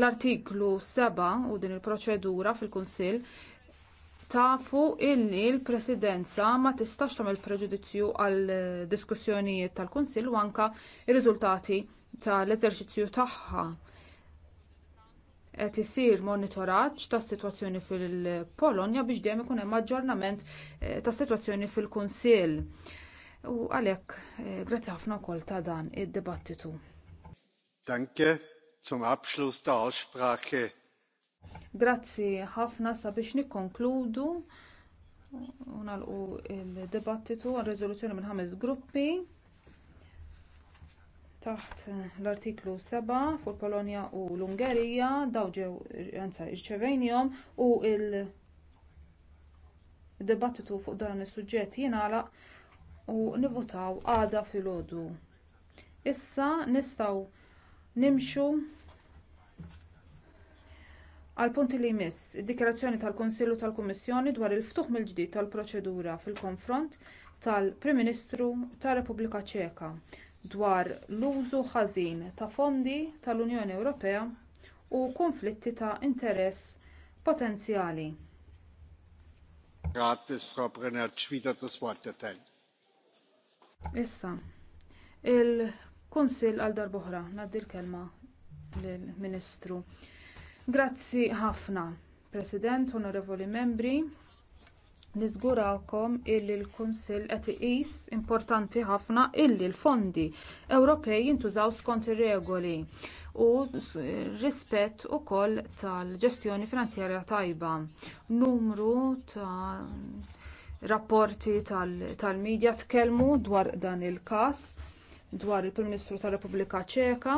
L-artiklu 7 u din il-proċedura fil-Kunsill tafu illi l-presidenza ma tistax tagħmel preġudizzju għal diskussjonijiet tal-kunsill u anke r-riżultati tal-eżerċizzju tagħha qed isir monitoraġġ tas-sitwazzjoni fil-Polonja biex dejjem ikun hemm aġġornament eh, tas-sitwazzjoni fil-Kunsill. U għalhekk eh, grazzi ħafna wkoll ta' dan id-dibattitu. Danke zum Abschluss der Aussprache. Grazzi ħafna sabiex nikkonkludu u il-dibattitu għal riżoluzzjoni minn ħames gruppi taħt l-artiklu 7 fuq Polonja u l-Ungerija daw ġew anza irċevejnihom u l debattitu fuq dan is-suġġett jingħalaq u nivvutaw għada filgħodu. Issa nistgħu nimxu għal punti li jmiss id-dikjarazzjoni tal-Konsillu tal-Kummissjoni dwar il-ftuħ mill-ġdid tal-proċedura fil-konfront tal-Prim Ministru tar-Repubblika Ċeka dwar l-użu ħażin ta' fondi tal-Unjoni Ewropea u konflitti ta' interess potenzjali. Issa, il kunsill għal darb'oħra. Naddi l-kelma lill-Ministru. Grazzi ħafna, President, Onorevoli Membri. Niżgurakom illi l-Kunsill qed iqis importanti ħafna illi l-fondi Ewropej jintużaw skont ir-regoli u rispett ukoll tal-ġestjoni finanzjarja tajba. Numru ta' rapporti tal-medja tkellmu dwar dan il-każ dwar il-Prim Ministru tar-Repubblika Ċeka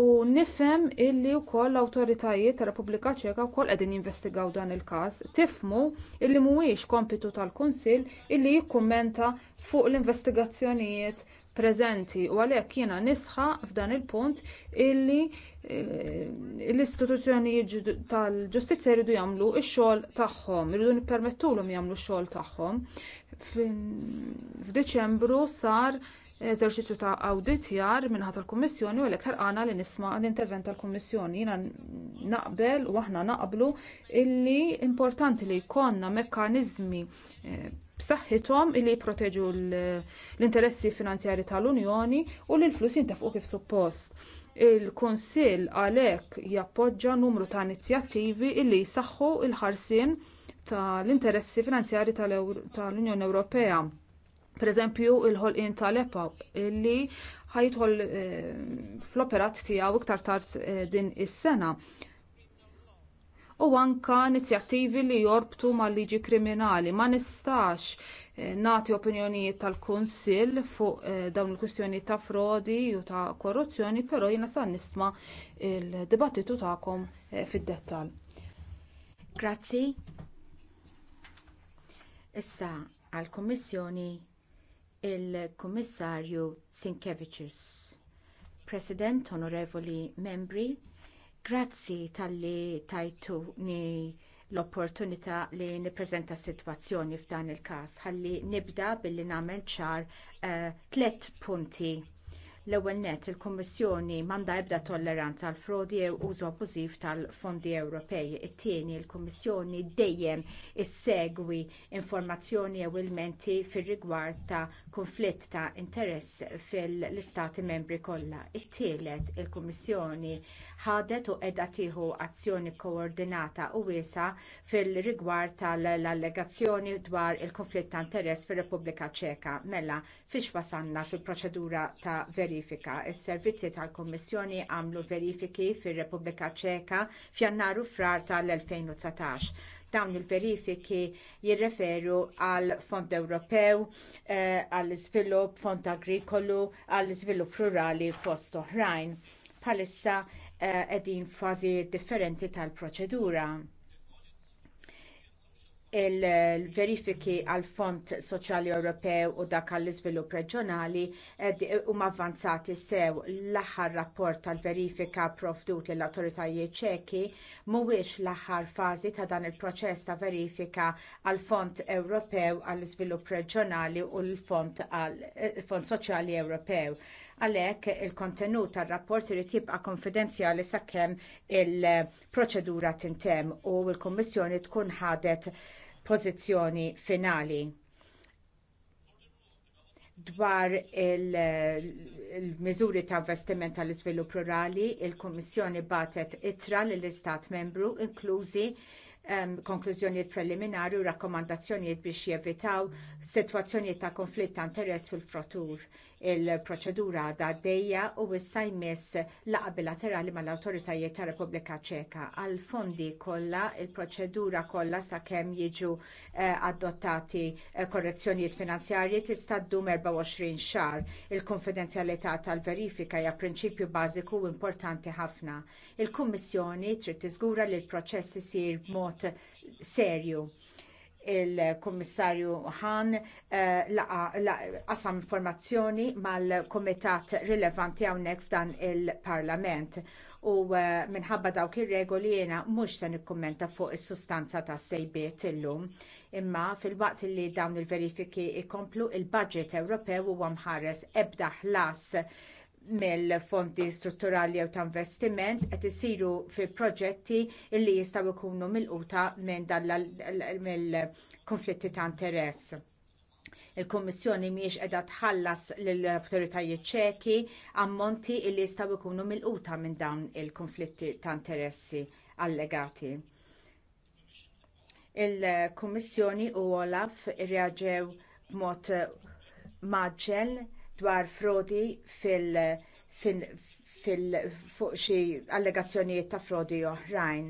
u nifhem illi wkoll l-awtoritajiet tal repubblika Ċeka wkoll qegħdin jinvestigaw dan il-każ, tifmu illi mhuwiex kompitu tal-Kunsill illi jikkummenta fuq l-investigazzjonijiet preżenti u għalhekk jiena nisħa f'dan il-punt illi eh, l-istituzzjonijiet tal-ġustizzja jridu jagħmlu x-xogħol tagħhom, jridu nippermettulhom jagħmlu x-xogħol tagħhom. F'Diċembru sar eżerċizzju ta' awditjar minħat tal-Kummissjoni u għalhekk ħerqana li nisma' l-intervent tal-Kummissjoni. Jiena naqbel u aħna naqblu illi importanti li jkollna mekkaniżmi eh, b'saħħithom illi jipproteġu l-interessi finanzjari tal-Unjoni u li l-flus jintefqu kif suppost. Il-Kunsill għalhekk jappoġġa numru ta' inizjattivi illi jsaħħu l ħarsien tal-interessi finanzjari tal-Unjoni Ewropea pereżempju il-ħolqien tal epa illi ħajtħol eh, fl-operat tiegħu iktar tard eh, din is-sena u anke inizjattivi li jorbtu mal-liġi kriminali. Ma nistax eh, nagħti opinjonijiet tal-Kunsill fuq dawn il kustjoni ta' frodi u ta' korruzzjoni, però jina sa' nisma' il-dibattitu tagħkom fid-dettall. Grazzi. Issa għall kummissjoni il-Kummissarju Sinkevicius. President, onorevoli membri, grazzi tal-li tajtuni l-opportunità li nippreżenta s-sitwazzjoni f'dan il każ Ħalli nibda billi nagħmel ċar uh, tliet punti L-ewwel nett il-Kummissjoni m'għandha ebda tolleranza għall frodi u użu abbużiv tal-fondi Ewropej. It-tieni il-Kummissjoni dejjem issegwi informazzjoni jew ilmenti fir-rigward ta' konflitt ta' interess fil-istati membri kollha. It-tielet il-Kummissjoni ħadet u qiegħda tieħu azzjoni koordinata u wiesa fil-rigward tal-allegazzjoni dwar il-konflitt ta' interess fir-Repubblika Ċeka. Mela, fiex wasanna fil-proċedura ta' verifika verifika. Is-servizzi tal kummissjoni għamlu verifiki fir-Repubblika Ċeka f'Jannar u frar tal-2019. Dawn il-verifiki jirreferu għal Fond Ewropew, eh, għall iżvilupp Fond Agrikolu, għall iżvilupp Rurali fost oħrajn. Bħalissa qegħdin eh, fażi differenti tal-proċedura il-verifiki għal fond soċjali Ewropew u dak għall iżvilupp reġjonali huma avvanzati sew l-aħħar rapport tal-verifika provdut lill awtoritajiet ċeki mhuwiex l-aħħar fażi ta' dan il-proċess ta' verifika għal fond Ewropew għall iżvilupp reġjonali u l-fond eh, fond soċjali Ewropew għalhekk il-kontenut tar-rapport irid jibqa' konfidenzjali sakemm il-proċedura tintemm u l-Kummissjoni tkun ħadet pożizzjoni finali dwar il-miżuri ta' investiment tal iżvilupp rurali, il-Kummissjoni batet itra lill-Istat membru, inklużi um, konklużjonijiet preliminari u rakkomandazzjonijiet biex jevitaw sitwazzjonijiet ta' konflitt ta' interess fil-frotur. Il-proċedura għadha għaddejja u issa jmiss laqgħa bilaterali mal-awtoritajiet tar Repubblika Ċeka. Għal fondi kollha il-proċedura kollha sakemm jiġu eh, adottati eh, korrezzjonijiet finanzjarji tista' ddum 24 xahar. Il-konfidenzjalità tal-verifika hija prinċipju bażiku u importanti ħafna. Il-Kummissjoni trid tiżgura li l-proċess isir b'mod serju il-Kummissarju Han eh, qasam informazzjoni mal-Kumitat rilevanti hawnhekk f'dan il-Parlament u eh, minħabba dawk ir-regoli jiena mhux se nikkummenta fuq is-sustanza ta' sejbiet illum. Imma fil-waqt li dawn il-verifiki jkomplu il-budget Ewropew huwa mħares ebda ħlas mill-fondi strutturali jew ta' investiment qed isiru fi proġetti li jistgħu jkunu milquta minn mill-konflitti ta' interess. Il-Kummissjoni mhijiex qiegħda tħallas lill awtoritajiet ċeki ammonti li jistgħu jkunu milquta minn dawn il-konflitti ta' interessi allegati. Il-Kummissjoni u Olaf irreaġew b'mod maġġel dwar frodi fil- fil- fuq xi allegazzjonijiet ta' frodi oħrajn.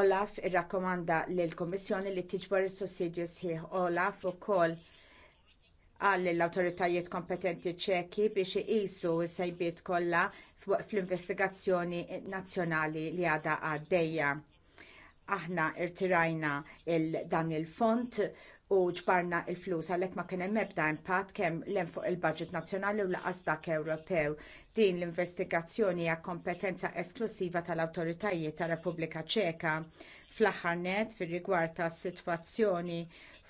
Olaf irrakkomanda lill kummissjoni li tiġbor is-sussidju sħiħ Olaf ukoll għall l awtoritajiet kompetenti ċeki biex iqisu s-sejbiet kollha fl-investigazzjoni nazzjonali li għadha għaddejja. Aħna irtirajna il dan il-font u ġbarna l flus għalhekk ma kien hemm ebda impatt kemm l fuq il-budget nazzjonali u laqas dak Ewropew. Din l-investigazzjoni hija kompetenza esklusiva tal-awtoritajiet tar-Repubblika Ċeka. Fl-aħħar net fir-rigward tas-sitwazzjoni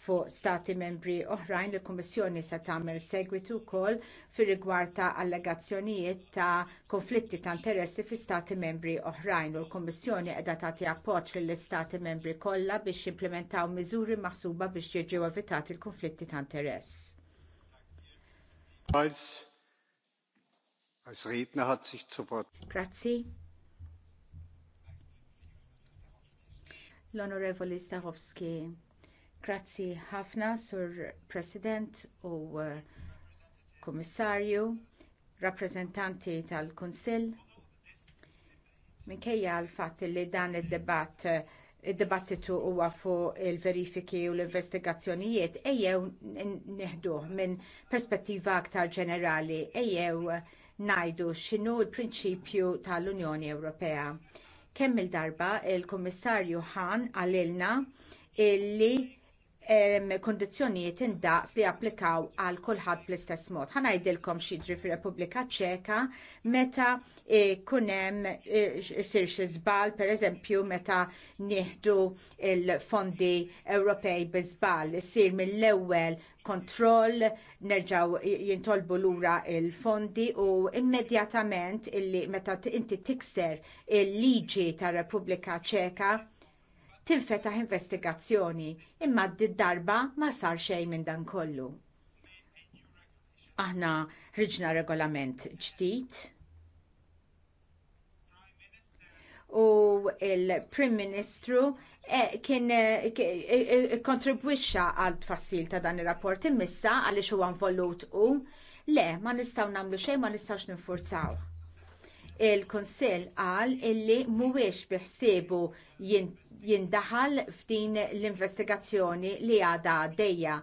fuq stati membri oħrajn li kummissjoni se tagħmel segwitu wkoll fir-rigward ta' allegazzjonijiet ta' konflitti ta' interessi fi stati membri oħrajn u l-Kummissjoni qiegħda tagħti appoġġ lill-istati membri kollha biex jimplementaw miżuri maħsuba biex jiġu evitati l-konflitti ta' interess. Grazzi. L-Onorevoli Stachowski. Grazzi ħafna, Sur President u Kummissarju, rappreżentanti tal-Kunsill. Minkejja l fatt li dan id-debatt id-dibattitu huwa fuq il-verifiki u l-investigazzjonijiet ejjew neħduh minn perspettiva aktar ġenerali ejjew ngħidu x'inhu l-prinċipju tal-Unjoni Ewropea. Kemm il-darba il-Kummissarju Hahn għalilna illi kondizzjonijiet indaqs li applikaw għal kulħadd bl-istess mod. Ħanajdilkom xidri fir-Repubblika Ċeka meta jkun eh, hemm isir eh, xi żball, pereżempju meta nieħdu l fondi Ewropej bi żball, isir mill-ewwel kontroll, nerġaw jintolbu lura l fondi u immedjatament illi meta inti tikser il-liġi tar Repubblika Ċeka tinfetaħ investigazzjoni imma d-darba ma sar xejn minn dan kollu. Aħna ħriġna regolament ġdid u il-Prim Ministru eh, kien eh, eh, kontribwixxa għal tfassil ta' dan ir-rapport immissa għaliex huwa involut u le ma nistgħu nagħmlu xejn ma nistgħux ninfurzaw il konsell qal illi mhuwiex biħsebu jindaħal f'din l-investigazzjoni li għadha dejja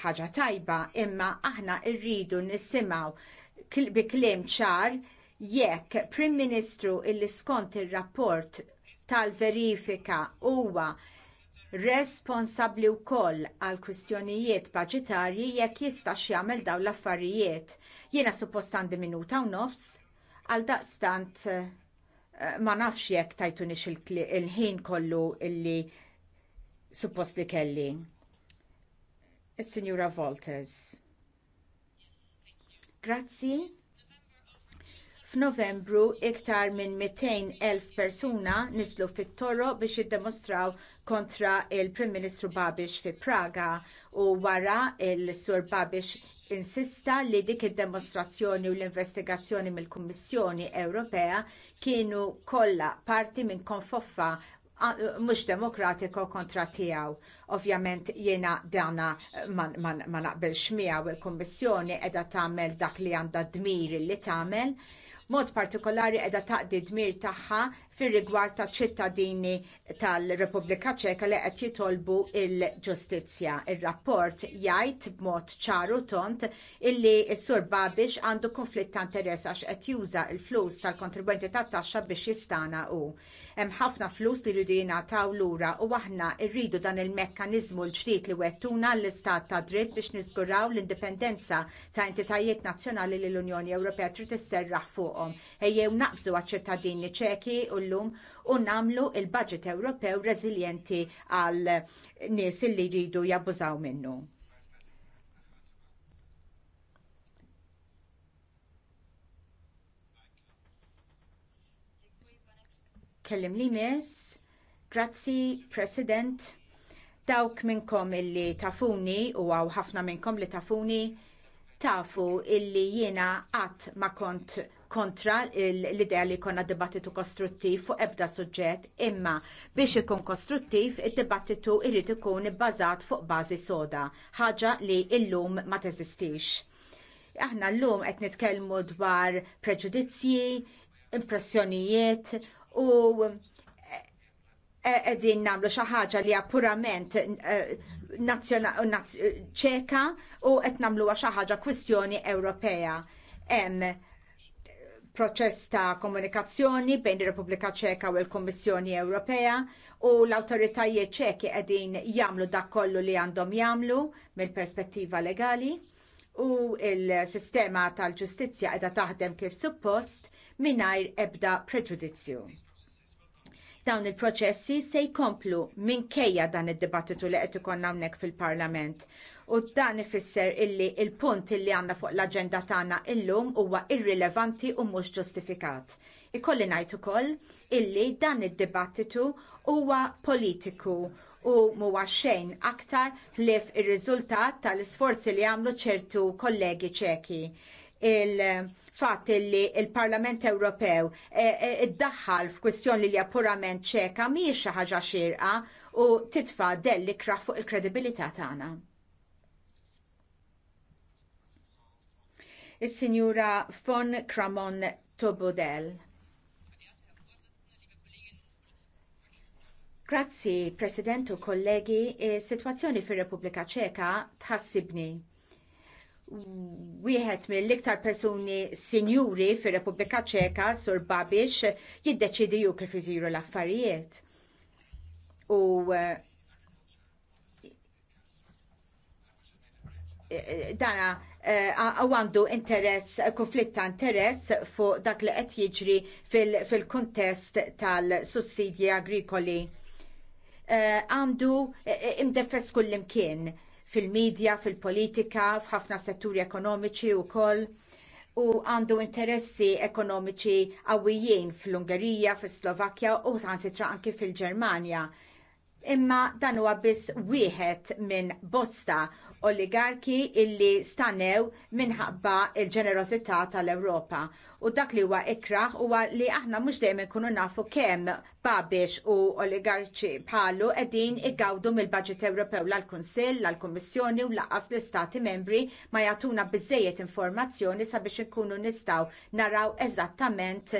Ħaġa tajba, imma aħna rridu nisimgħu bi kliem ċar jekk Prim Ministru illi skont ir-rapport tal-verifika huwa responsabbli wkoll għal kwistjonijiet baġitarji jekk jistax jagħmel dawn l-affarijiet. Jiena suppost għandi minuta u nofs Għal daqstant eh, ma nafx jekk tajtunix il-ħin kollu illi suppost li kelli. Is-Sinjura Volters. Grazzi. F'Novembru iktar minn 200,000 persuna nislu fit-toro biex jiddemostraw kontra il-Prim Ministru Babix fi Praga u wara il-Sur Babix insista li dik id-demostrazzjoni u l-investigazzjoni mill-Kummissjoni Ewropea kienu kollha parti minn konfoffa mhux demokratiko kontra tiegħu. Ovvjament jiena dana ma naqbilx miegħu il-Kummissjoni qiegħda tagħmel dak li għandha dmir li tagħmel mod partikolari qiegħda taqdi dmir tagħha fir rigward ta' ċittadini tal-Repubblika Ċeka li qed jitolbu il-ġustizzja. Ir-rapport jgħid b'mod ċaru tont illi s-sur Babix għandu konflitt ta' interess għax qed juża l-flus tal-kontribwenti tat-taxxa biex jistana u. Hemm ħafna flus li rridu jingħataw lura u aħna rridu dan il-mekkaniżmu l-ġdid li wettuna l-istat ta' dritt biex niżguraw l-indipendenza ta' entitajiet nazzjonali li l-Unjoni Ewropea trid isserraħ fuqhom. Ejjew naqbżu għaċ-ċittadini ċeki u kollum u namlu il-budget Ewropew rezilienti għal nies li jridu jabbużaw minnu. Kellim li miss, grazzi President, dawk minnkom illi tafuni u għaw ħafna minnkom li tafuni tafu illi jiena qatt ma kont kontra l-idea li jkollna dibattitu kostruttiv fuq ebda suġġett imma biex ikun kostruttiv id-dibattitu jrid ikun ibbażat fuq bażi soda, ħaġa li llum ma teżistix. Aħna llum qed nitkellmu dwar preġudizzji, impressjonijiet u e-, qegħdin nagħmlu xi ħaġa li hija purament e, ċeka u qed nagħmluha xi ħaġa kwistjoni Ewropea hemm proċess ta' komunikazzjoni bejn ir-Repubblika Ċeka u l-Kummissjoni Ewropea u l-awtoritajiet ċeki qegħdin jagħmlu dak kollu li għandhom jagħmlu mill-perspettiva legali u l-sistema tal-ġustizzja qiegħda taħdem kif suppost mingħajr ebda preġudizzju. Dawn il-proċessi se jkomplu minkejja dan id-dibattitu li qed ikollna hawnhekk fil-Parlament U dan ifisser illi il-punt illi għanna fuq l-agenda tagħna illum huwa irrilevanti u mhux ġustifikat. Ikolli ngħid ukoll illi dan id-dibattitu huwa politiku u muwa xejn aktar ħlief ir-riżultat tal-isforzi li għamlu ċertu kollegi ċeki. Il-fat li il-Parlament Ewropew e, e, id-daħħal f'kwistjoni li purament ċeka mhijiex xi ħaġa xirqa u titfa' delli kraħ fuq il-kredibilità tagħna. il-Sinjura von Cramon Tobodel. Grazzi, President u kollegi, situazzjoni fir repubblika Ċeka tħassibni. Wieħed mill-iktar persuni sinjuri fir repubblika Ċeka, Sur Babix, jiddeċidi ju kif iżiru l-affarijiet. U eh, eh, dana għaw eh, għandu interess, eh, konflitt ta' interess fuq dak li qed jiġri fil-kontest fil tal-sussidji agrikoli. Eh, għandu imdefess kull kullimkien fil-medja, fil-politika, f'ħafna setturi ekonomiċi wkoll u għandu interessi ekonomiċi qawwijin fl-Ungerija, fis-Slovakkja u sansitra anki fil-Ġermanja imma dan huwa biss wieħed minn bosta oligarki illi stanew minħabba il-ġenerosità tal-Ewropa. U dak li huwa ikraħ huwa li aħna mhux dejjem ikunu nafu kemm babiex u oligarċi bħalu qegħdin igawdu mill-Baġit Ewropew l-Kunsill, l-Kummissjoni u laqas l-Istati membri ma jagħtuna biżejjed informazzjoni sabiex ikunu nistgħu naraw eżattament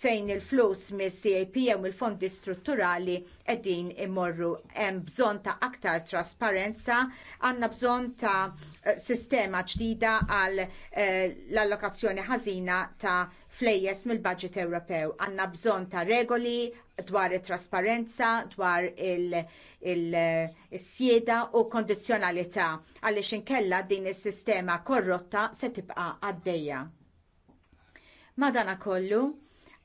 fejn il-flus mis cap jew il-fondi strutturali qegħdin imorru. Hemm bżonn ta' aktar trasparenza, għandna bżonn ta' eh, sistema ġdida għal eh, l-allokazzjoni ħażina ta' flejjes mill-budget Ewropew. Għandna bżonn ta' regoli dwar it trasparenza, dwar il-sjeda il eh, u kondizzjonalità għaliex inkella din is-sistema korrotta se tibqa' għaddejja. Madana kollu,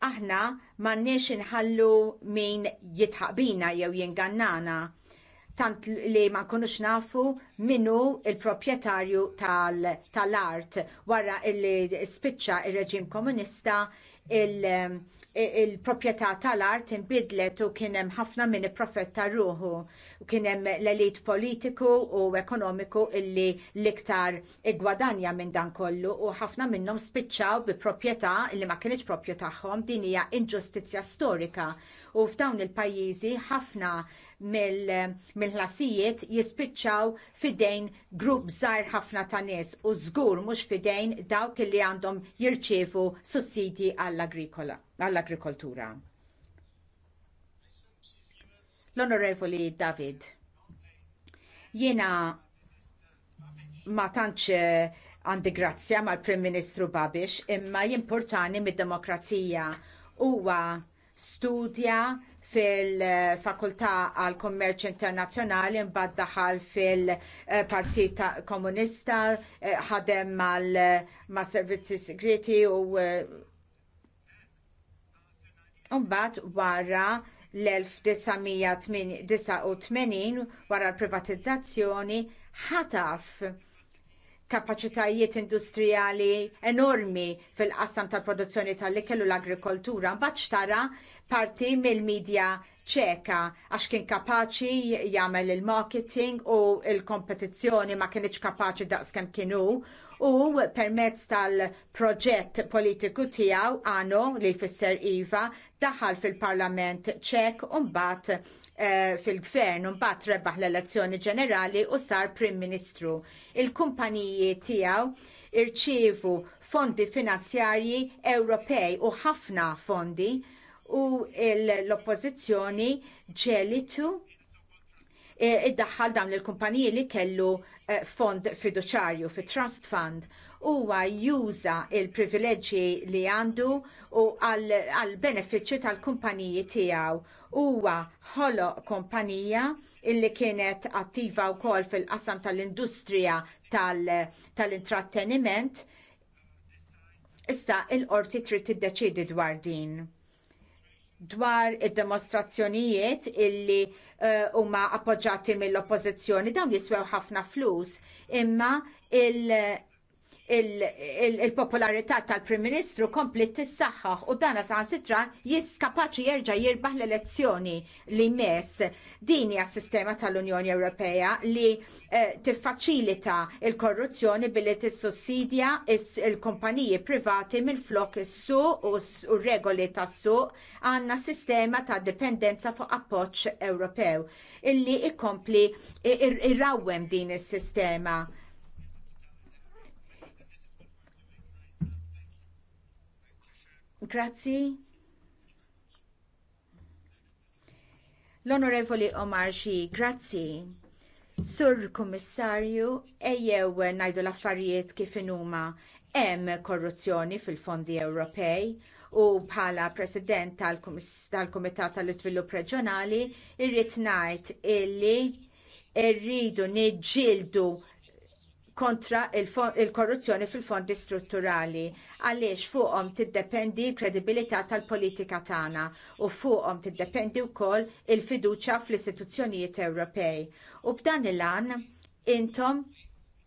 aħna m'għandniex inħallu min jitħabina jew jingannana tant li ma nkunux nafu minnu il-proprjetarju tal-art tal wara il spiċċa il reġim komunista il-propieta il tal-art inbidlet u kien hemm ħafna minn profetta ruħu u kien hemm l-elit politiku u ekonomiku illi l-iktar igwadanja minn dan kollu u ħafna minnhom spiċċaw bi proprjetà li ma kienieċ proprju tagħhom din hija inġustizzja storika u f'dawn il-pajjiżi ħafna mill-ħlasijiet jispiċċaw fidejn grupp żgħar ħafna ta' nies u żgur mhux fidejn dawk li għandhom jirċievu sussidi għall-agrikoltura. L-Onorevoli David, jiena ma tantx eh, għandi grazzja mal-Prim Ministru Babix imma jimportani mid-demokrazija huwa studja fil-Fakultà għal Kommerċ Internazzjonali mbagħad daħal fil-Partit Komunista, eh, ħadem mal ma' servizzi segreti u eh, mbagħad wara l-1989 wara l-privatizzazzjoni ħataf kapaċitajiet industrijali enormi fil-qassam tal-produzzjoni tal-ikel u l-agrikoltura. Mbagħad xtara parti mill-medja ċeka għax kien kapaċi jagħmel il-marketing u l kompetizzjoni ma kienx kapaċi daqskemm kienu u permezz tal-proġett politiku tiegħu għano li jfisser Iva daħal fil-Parlament ċek u mbagħad eh, fil-gvern u mbagħad rebaħ l-elezzjoni ġenerali u sar Prim Ministru. Il-kumpaniji tiegħu irċievu fondi finanzjarji Ewropej u ħafna fondi u l-oppożizzjoni ġelitu e, iddaħħal dawn il-kumpaniji li kellu e, fond fiduċarju fi trust fund huwa juża il-privileġġi li għandu u għall benefiċċju tal-kumpaniji tiegħu. Huwa ħoloq kumpanija illi kienet attiva wkoll fil-qasam tal-industrija tal-intratteniment. Issa l qorti trid tiddeċiedi dwar din dwar id demonstrazzjonijiet illi eh, huma uh, appoġġati mill-oppożizzjoni dawn jiswew ħafna flus imma il- il-popolarità tal-Prim Ministru komplet tissaħħaħ u dana sa' sitra jiskapaċi jerġa' jirbaħ l-elezzjoni li mess dini għas sistema tal-Unjoni Ewropea li eh, tiffaċilita il-korruzzjoni billi tissussidja il-kumpaniji privati minn flok is-su u regoli tas-suq għandna sistema ta' dipendenza fuq appoġġ Ewropew illi ikkompli irrawwem din is-sistema Grazzi. L-Onorevoli Omar Xi, grazzi. Sur Kummissarju, ejjew ngħidu l-affarijiet kif inhuma hemm korruzzjoni fil-fondi Ewropej u bħala President tal-Kumitat tal-Iżvilupp Reġjonali irrid ngħid illi rridu niġġieldu kontra il-korruzzjoni il korruzzjoni fil fondi strutturali għaliex fuqhom tiddependi l-kredibilità tal-politika tagħna u fuqhom tiddependi wkoll il-fiduċja fl-istituzzjonijiet Ewropej. U b'dan il-an intom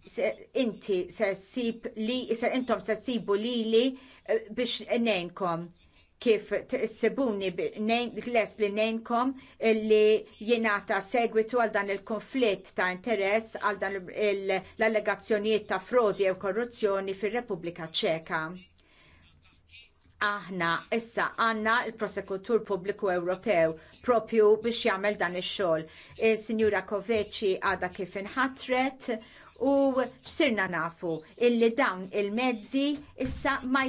se, inti se sib li se intom se sibu lili eh, biex nejnkom kif t-sebuni les li nejnkom li jenata segwitu għal dan il-konflitt ta' interess għal dan l-allegazzjoniet ta' frodi u korruzzjoni fir repubblika ċeka. Aħna issa għanna il-prosekutur pubbliku Ewropew propju biex jagħmel dan ix-xogħol. E, Sinjura Koveċi għadha kif inħatret u x'sirna nafu illi dawn il-mezzi issa ma,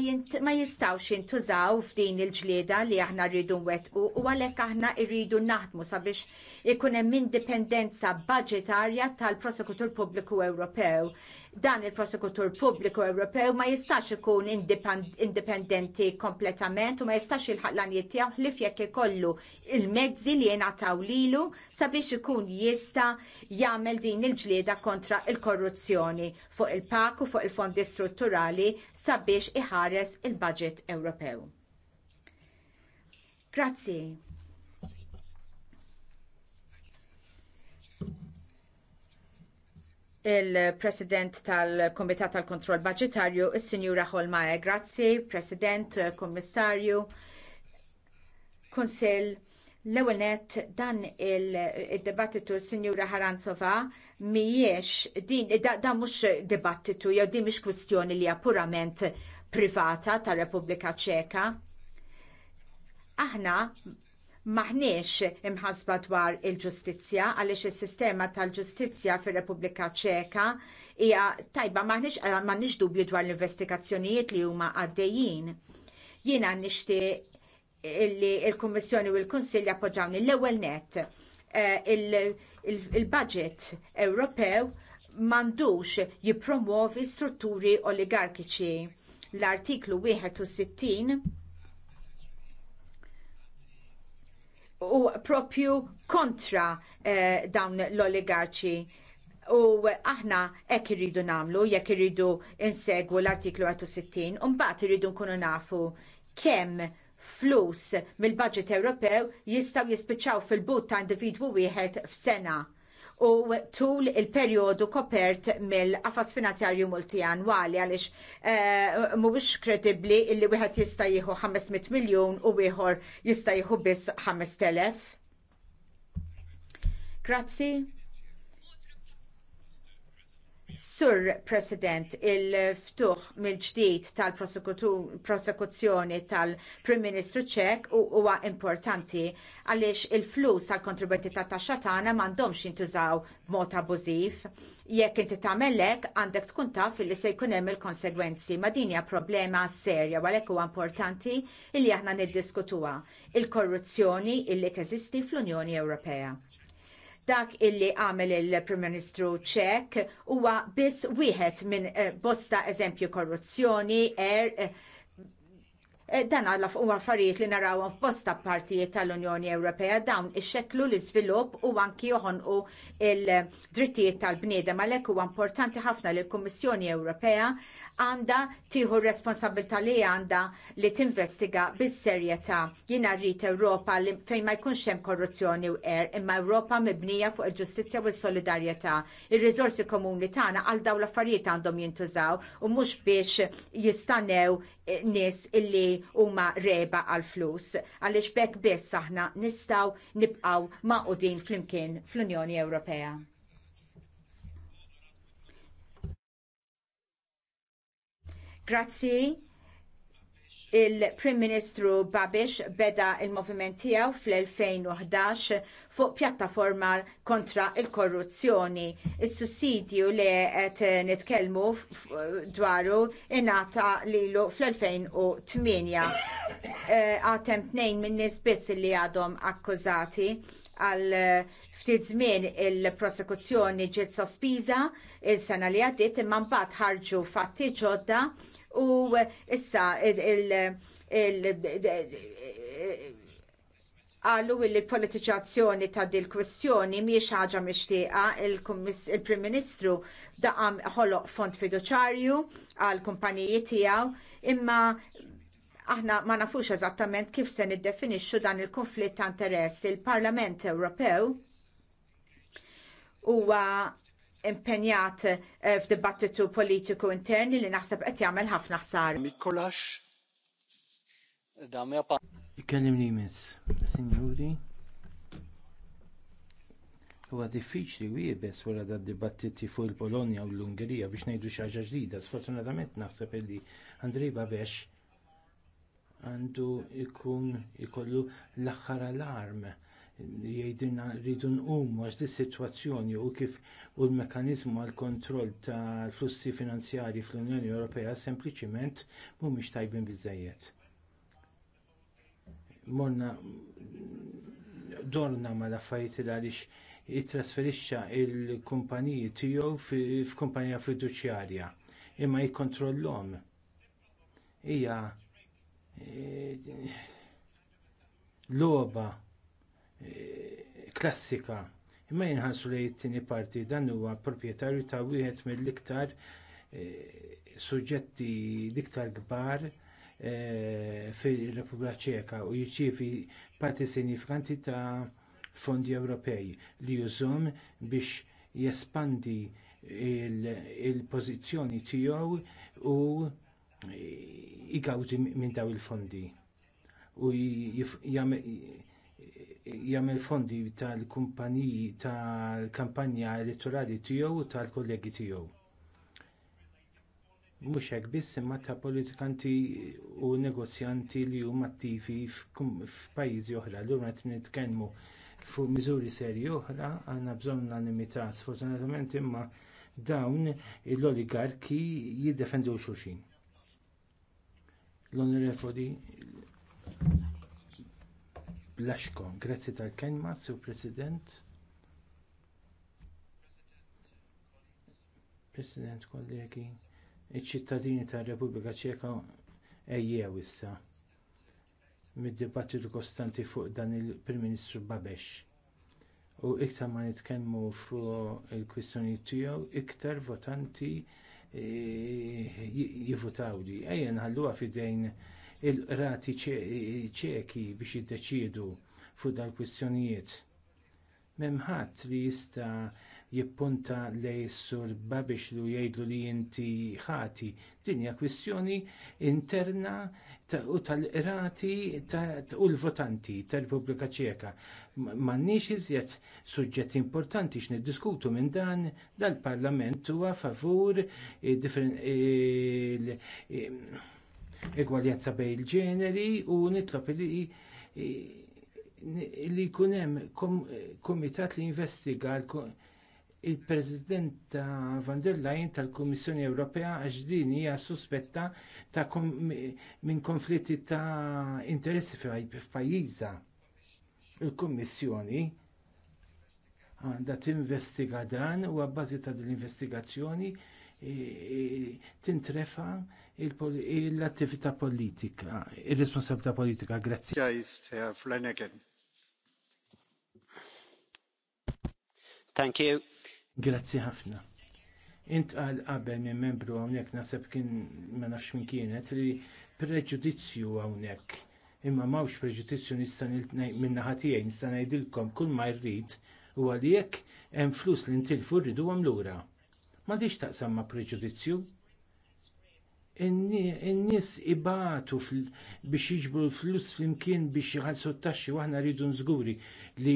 ma jistawx jintużaw f'din il-ġlieda li aħna rridu nwettqu u għalhekk aħna rridu naħdmu sabiex ikun hemm indipendenza budgetarja tal-Prosekutur Pubbliku Ewropew dan il-prosekutur pubbliku Ewropew ma jistax ikun indipendenti kompletament u ma jistax il-ħaq tiegħu ħlif jekk ikollu il-mezzi li jingħataw lilu sabiex ikun jista jagħmel din il-ġlieda kontra il-korruzzjoni fuq il-pak u fuq il-fondi strutturali sabiex iħares il-budget Ewropew. Grazzi. il-President tal-Komitat tal-Kontroll Budgetarju, il-Sinjura Holmaja. Grazzi, President, Kommissarju, Konsil. L-ewwel dan il-dibattitu il sinjura Haranzova mhijiex din da, mux mhux dibattitu jew din mhix kwistjoni li hija purament privata tar Repubblika Ċeka. Aħna maħniex imħasba dwar il-ġustizzja għaliex is-sistema tal-ġustizzja fir-Repubblika Ċeka hija tajba maħniex eh, m'għandniex dubju dwar l-investigazzjonijiet li huma għaddejjin. Jiena nixtieq illi il-Kummissjoni u l-Kunsill jappoġġawni l-ewwel net eh, il-budget Ewropew m'għandux jippromuovi strutturi oligarkiċi. L-artiklu 61 u propju kontra eh, dawn l-oligarċi. U aħna hekk irridu nagħmlu, jekk irridu insegwu l-artiklu 60, u mbagħad irridu nkunu nafu kemm flus mill-budget Ewropew jistgħu jispiċċaw fil-but ta' individwu wieħed f'sena u tul il-perjodu kopert mill-qafas finanzjarju multijanwali għaliex uh, mhuwiex kredibbli li wieħed jista' jieħu 500 miljun u ieħor jista' jieħu biss 5000. Grazzi. Sur President, il-ftuħ mill-ġdid tal-prosekuzzjoni tal-Prim Ministru ċek huwa importanti għaliex il-flus tal-kontribuenti ta' taxxa tagħna m'għandhomx jintużaw b'mod abużiv. Jekk inti tagħmel hekk għandek tkun taf li se jkun hemm il-konsegwenzi ma' din hija problema serja għalhekk huwa importanti li aħna niddiskutuha il-korruzzjoni illi teżisti fl-Unjoni Ewropea. Dak illi għamel il-Prim Ministru ċek huwa biss wieħed minn eh, bosta eżempju korruzzjoni, er, eh, eh, dan għalla u affarijiet li narawhom f'bosta partijiet tal-Unjoni Ewropea dawn ixxeklu l-iżvilupp u anki joħonqu il drittijiet tal-bniedem għalhekk huwa importanti ħafna li l-Kummissjoni Ewropea għandha tieħu responsabilità li għandha li tinvestiga bis-serjetà. jina rrit Ewropa li fejn ma jkunx hemm korruzzjoni u er, imma Ewropa mibnija fuq il-ġustizzja u s-solidarjetà. ir rizorsi komuni tagħna għal dawn l-affarijiet għandhom jintużaw u mhux biex jistanew eh, nies illi huma reba għal flus. Għaliex bekk biss aħna nistgħu nibqgħu maqudin flimkien fl-Unjoni Ewropea. Grazzi il-Prim Ministru Babish beda il-moviment tiegħu fl-2011 fuq pjattaforma kontra il-korruzzjoni. Is-sussidju li qed nitkellmu dwaru ingħata lilu fl-2008. Eh, għatem t tnejn minn nies biss li għadhom akkużati għal ftit żmien il-prosekuzzjoni ġiet sospiża il-sena li għaddiet imma mbagħad ħarġu fatti ġodda u issa il- għallu li politiċazzjoni ta' dil kwestjoni miex ħaġa mixtieqa il-Prim Ministru daqam ħoloq fond fiduċarju għal kumpaniji tiegħu imma aħna ma nafux eżattament kif se niddefinixxu dan il-konflitt ta' interess il-Parlament Ewropew huwa impenjat eh, f'dibattitu politiku interni li naħseb qed jagħmel ħafna ħsar. Mikolax, damja pa. Ikellimni miss, sinjuri. Huwa diffiċli wiebes wara da dibattiti fuq il-Polonja u l-Ungerija biex ngħidu xi ħaġa ġdida. Sfortunatament naħseb illi Andrej Babex għandu jkun ikollu l-aħħar alarm jgħidilna rridu nqumu għax di situazzjoni u kif u l-mekanizmu għall kontroll tal flussi finanzjarji fl-Unjoni Ewropea sempliċiment mhumiex tajbin biżżejjed. Morna dorna ma l-affarijiet għaliex jitrasferixxa l kumpaniji tiegħu f'kumpanija fiduċjarja imma jikkontrollhom. Hija eh, logħba klassika. Imma jinħansu li t-tini parti dan huwa proprjetarju ta' wieħed mill-iktar eh, suġġetti l-iktar kbar eh, fil-Repubblika Ċeka u jirċievi parti sinifikanti ta' fondi Ewropej li jużom biex jespandi il-pożizzjoni tiegħu u jgawdi eh, minn daw il-fondi u jagħmel fondi tal-kumpaniji tal-kampanja elettorali tiegħu u tal-kollegi tiegħu. Mhux hekk biss imma ta' politikanti u negozjanti li huma attivi f'pajjiżi oħra l qed nitkellmu fuq miżuri serji oħra għandna bżonn l-animità sfortunatament imma dawn l-oligarki jiddefendu xulxin. L-onorevoli Blaxko. Grazzi tal-kelma, Sur President. President, kollegi, iċ-ċittadini tal-Repubblika Ċeka ejjew issa mid-dibattitu kostanti fuq dan il-Prim Ministru Babex. U iktar ma nitkellmu fuq il-kwistjoni tiegħu, iktar votanti eh, jivutaw li. Ejja nħalluha fidejn il-rati ċeki biex jiddeċiedu fuq dal-kwistjonijiet. Memħat li jista' jippunta lej sur babiex li jgħidlu li inti ħati. Dinja kwistjoni interna u tal-irati u l-votanti tal-Repubblika Ċeka. Mannix iżjed suġġett importanti x'niddiskutu minn dan dal-Parlament huwa favur Egwaljazza bejn il-ġeneri u nitlob li li kunem komitat li investiga il-President van der Leyen tal-Kummissjoni Ewropea għax din hija suspetta ta' minn konflitti ta' interessi f'pajjiża. Il-Kummissjoni għandha tinvestiga dan u għabbażi ta' din l-investigazzjoni e- e- tintrefa' l-attività politika, il-responsabilità politika. Grazie. Thank you. Grazzi ħafna. Intqal qabel minn membru hawnhekk naħseb kien ma nafx minn kienet li preġudizzju hawnhekk. Imma mawx preġudizzju nista' minna ħatijaj nistan nista' ngħidilkom kull ma jrid u għalijek hemm flus li ntilfu rridu għam lura. M'għandix taqsam ma' preġudizzju in-nies ibatu biex jiġbru l-flus flimkien biex jħallsu t-taxxi u aħna rridu nżguri li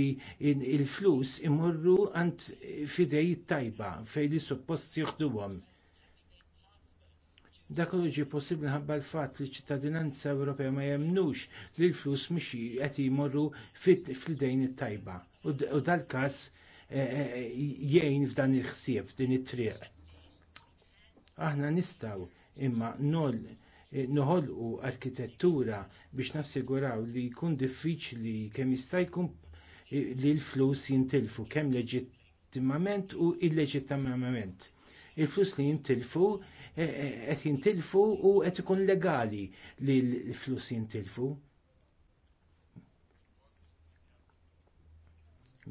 il-flus imorru għand fidej tajba fejn li suppost jieħduhom. Dak li possibbli ħabba l-fatt li ċittadinanza Ewropea ma jemnux li l-flus mhux qed jmorru fil-dejn it-tajba. U dal-każ e, e, e, jgħin f'dan il-ħsieb din it-triq. Aħna nistgħu imma nol noħolqu arkitettura biex nassiguraw li jkun diffiċli kemm jista' jkun eh, li l-flus jintilfu kemm leġittimament u illeġittimament. Il-flus li jintilfu eh, eh, qed jintilfu u qed ikun legali li l-flus jintilfu.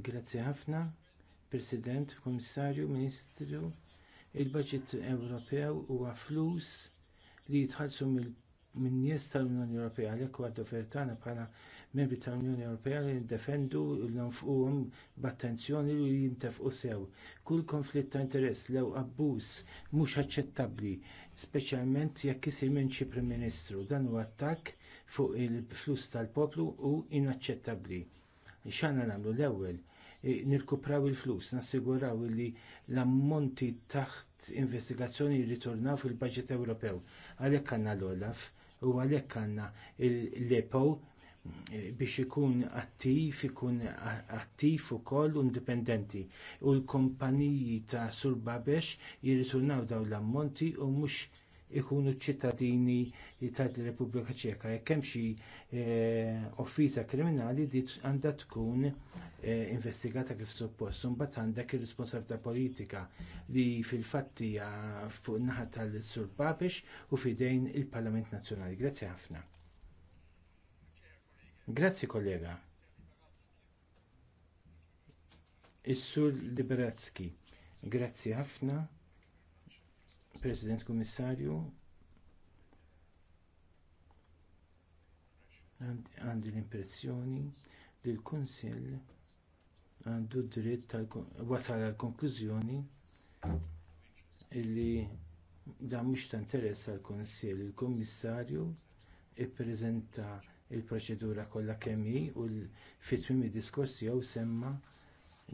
Grazzi ħafna, President, Komissarju, Ministru. Il-budget Ewropew huwa flus li jitħallsu minn nies tal-Unjoni Ewropea għalhekk huwa dover tagħna bħala membri tal-Unjoni Ewropea li jiddefendu l-nfuqhom b'attenzjoni li jintefqu sew. Kull konflitt ta' interess lew abbuż mhux aċċettabbli, speċjalment jekk isir minn xi Prim Ministru. Dan huwa attakk fuq il-flus tal-poplu u inaċċettabbli. X'għandna nagħmlu l-ewwel E, nirkupraw il-flus, nassiguraw li l-ammonti taħt investigazzjoni jirritornaw fil-budget Ewropew. Għalhekk għandna l-Olaf u għalhekk għandna l-EPO e, biex ikun attiv, ikun attiv ukoll u indipendenti. U l-kompaniji ta' Sur Babex jirriturnaw dawn l-ammonti u mhux ikunu ċittadini tal-Repubblika Ċeka. Jekk hemm xi eh, offiża kriminali di għandha tkun eh, investigata kif suppost, imbagħad għandek ir-responsabilità politika li fil-fatti fuq naħa tal-Sur Babix u fidejn il-Parlament Nazzjonali. Grazzi ħafna. Grazzi kollega. Is-Sur Liberazzi. Grazzi ħafna. President Kummissarju, għandi l-impressjoni li l-Kunsill għandu dritt wasal għal konklużjoni li dan mhux ta' interess għal kunsill il-Kummissarju ippreżenta l proċedura kollha kemm hi u fit-tmiem id-diskors tiegħu semma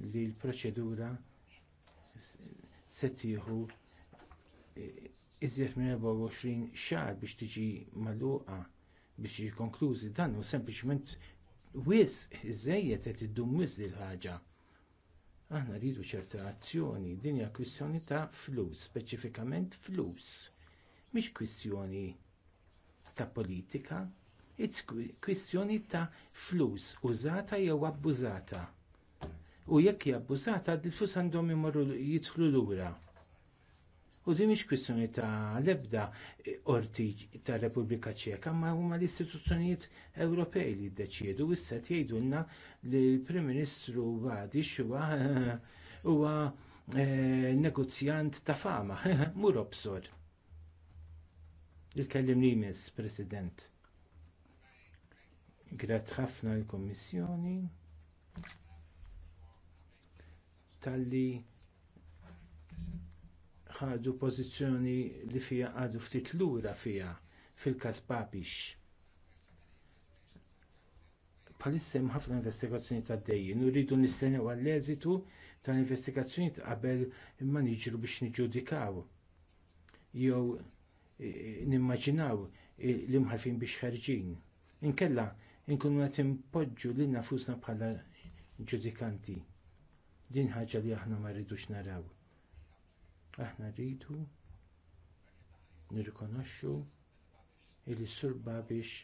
li l-proċedura se tieħu iżjed minn 24 xahar biex tiġi magħluqa biex tiġi konklużi dan u sempliċement wis iżejjed qed iddum wis il ħaġa. Aħna rridu ċerta azzjoni, din hija kwistjoni ta' flus, speċifikament flus. Mhix kwistjoni ta' politika, it's kwistjoni ta' flus użata jew abbużata. U jekk hija abbużata, il-flus għandhom imorru jidħlu lura U di mhix kwistjoni ta' l-ebda orti tar Repubblika Ċeka, ma huma l-istituzzjonijiet Ewropej li ddeċiedu u issa jgħidulna li l-Prim Ministru għadi huwa huwa eh, negozjant ta' fama, mur obsor. Il-kellim li jmiss, President. Grat ħafna l komissjoni tal-li ħadu pożizzjoni li fija għadu ftit lura fija fil-każ Papix. Bħalissa hemm ħafna investigazzjoni ta' dejjin u rridu nistennew għall-eżitu tal-investigazzjoni qabel imma niġru biex niġġudikaw. Jew e, nimmaġinaw e, l-imħalfin biex ħarġin. Inkella inkunu qed impoġġu lil nafusna bħala ġudikanti. Din ħaġa li aħna ma rridux naraw. Aħna rridu nirrikonoxxu li surba biex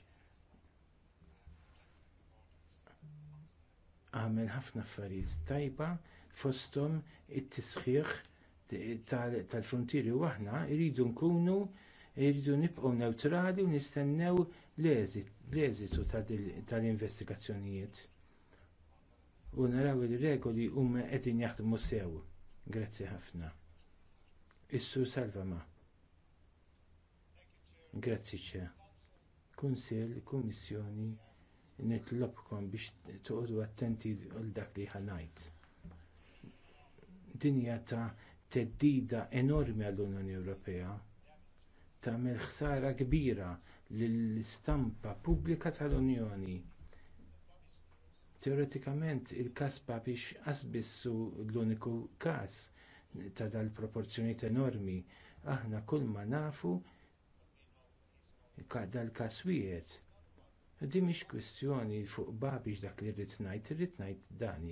għamel ħafna affarijiet tajba fosthom it-tisħiħ tal-frontieri u aħna jridu nkunu jridu nibqgħu newtrali u nistennew l-eżitu tal-investigazzjonijiet. U naraw ir regoli huma qegħdin jaħdmu sew. Grazzi ħafna. Issu salvama. Grazzi ċe. Kunsil, kummissjoni, nitlobkom biex tuqdu attenti għal dak li ħanajt. Dinja ta' teddida enormi għall-Unjoni Ewropea tagħmel ħsara kbira lill-istampa pubblika tal-Unjoni. Teoretikament il-każ biex asbissu l-uniku każ ta' dal-proporzjoniet enormi. Aħna kull ma nafu dal-kaswijiet. Di mhix kwistjoni fuq babiex dak li rrid ngħid, irrid ngħid dan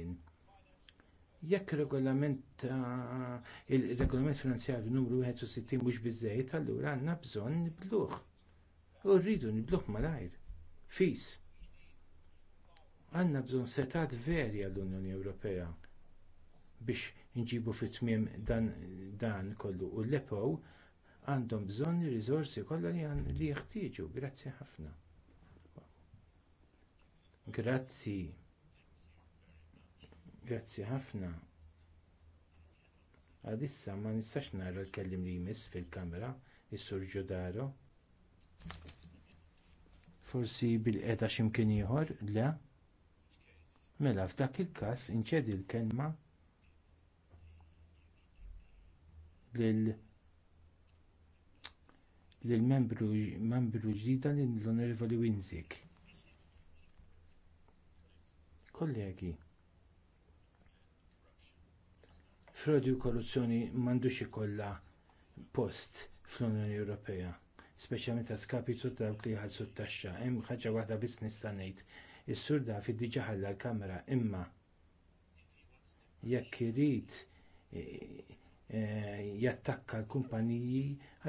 Jekk regolament il-regolament finanzjarju numru 61 mhux biżżejjed, allura għandna bżonn nibluh. U rridu nibluh malajr. Fis. Għandna bżonn setat veri għall-Unjoni Ewropea biex nġibu fit tmiem dan, dan kollu u l-lepow għandhom bżonn ir-riżorsi kollha li, li jeħtieġu. Grazzi ħafna. Grazzi. Grazzi ħafna. Għadissa ma nistax nara l-kellim li jmiss fil-kamera, is-sur Ġodaro. Forsi bil-qeda x'imkien ieħor, le? Mela f'dak il-każ inċedi l-kelma lill-membru ġdida l-Onorevoli Winzik. Kollegi, frodi u korruzzjoni m'għandux ikollha post fl-Unjoni Ewropea, speċjalment ta' skapitu ta' dawk li ħalsu t-taxxa. Hemm ħaġa waħda biss nista' ngħid. Is-sur David diġà ħalla l-kamra imma jekk irid Eh, jattakka l-kumpaniji,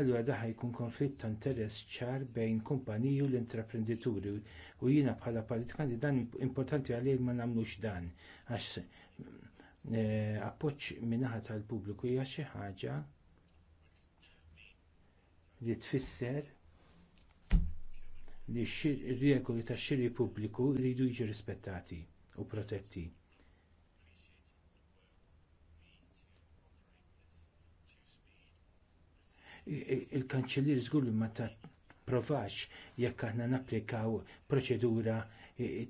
allura daħħa jkun konflitt ta' interess ċar bejn kumpaniji u l-intraprendituri u jiena bħala politikanti dan importanti għal ma nagħmlux dan għax eh, appoġġ minnaħat tal-pubbliku hija xi ħaġa li tfisser li r regoli tax xiri pubbliku jridu jiġu rispettati u protetti. il-kanċellir żgur li ma ta' provax jekk aħna napplikaw proċedura eh,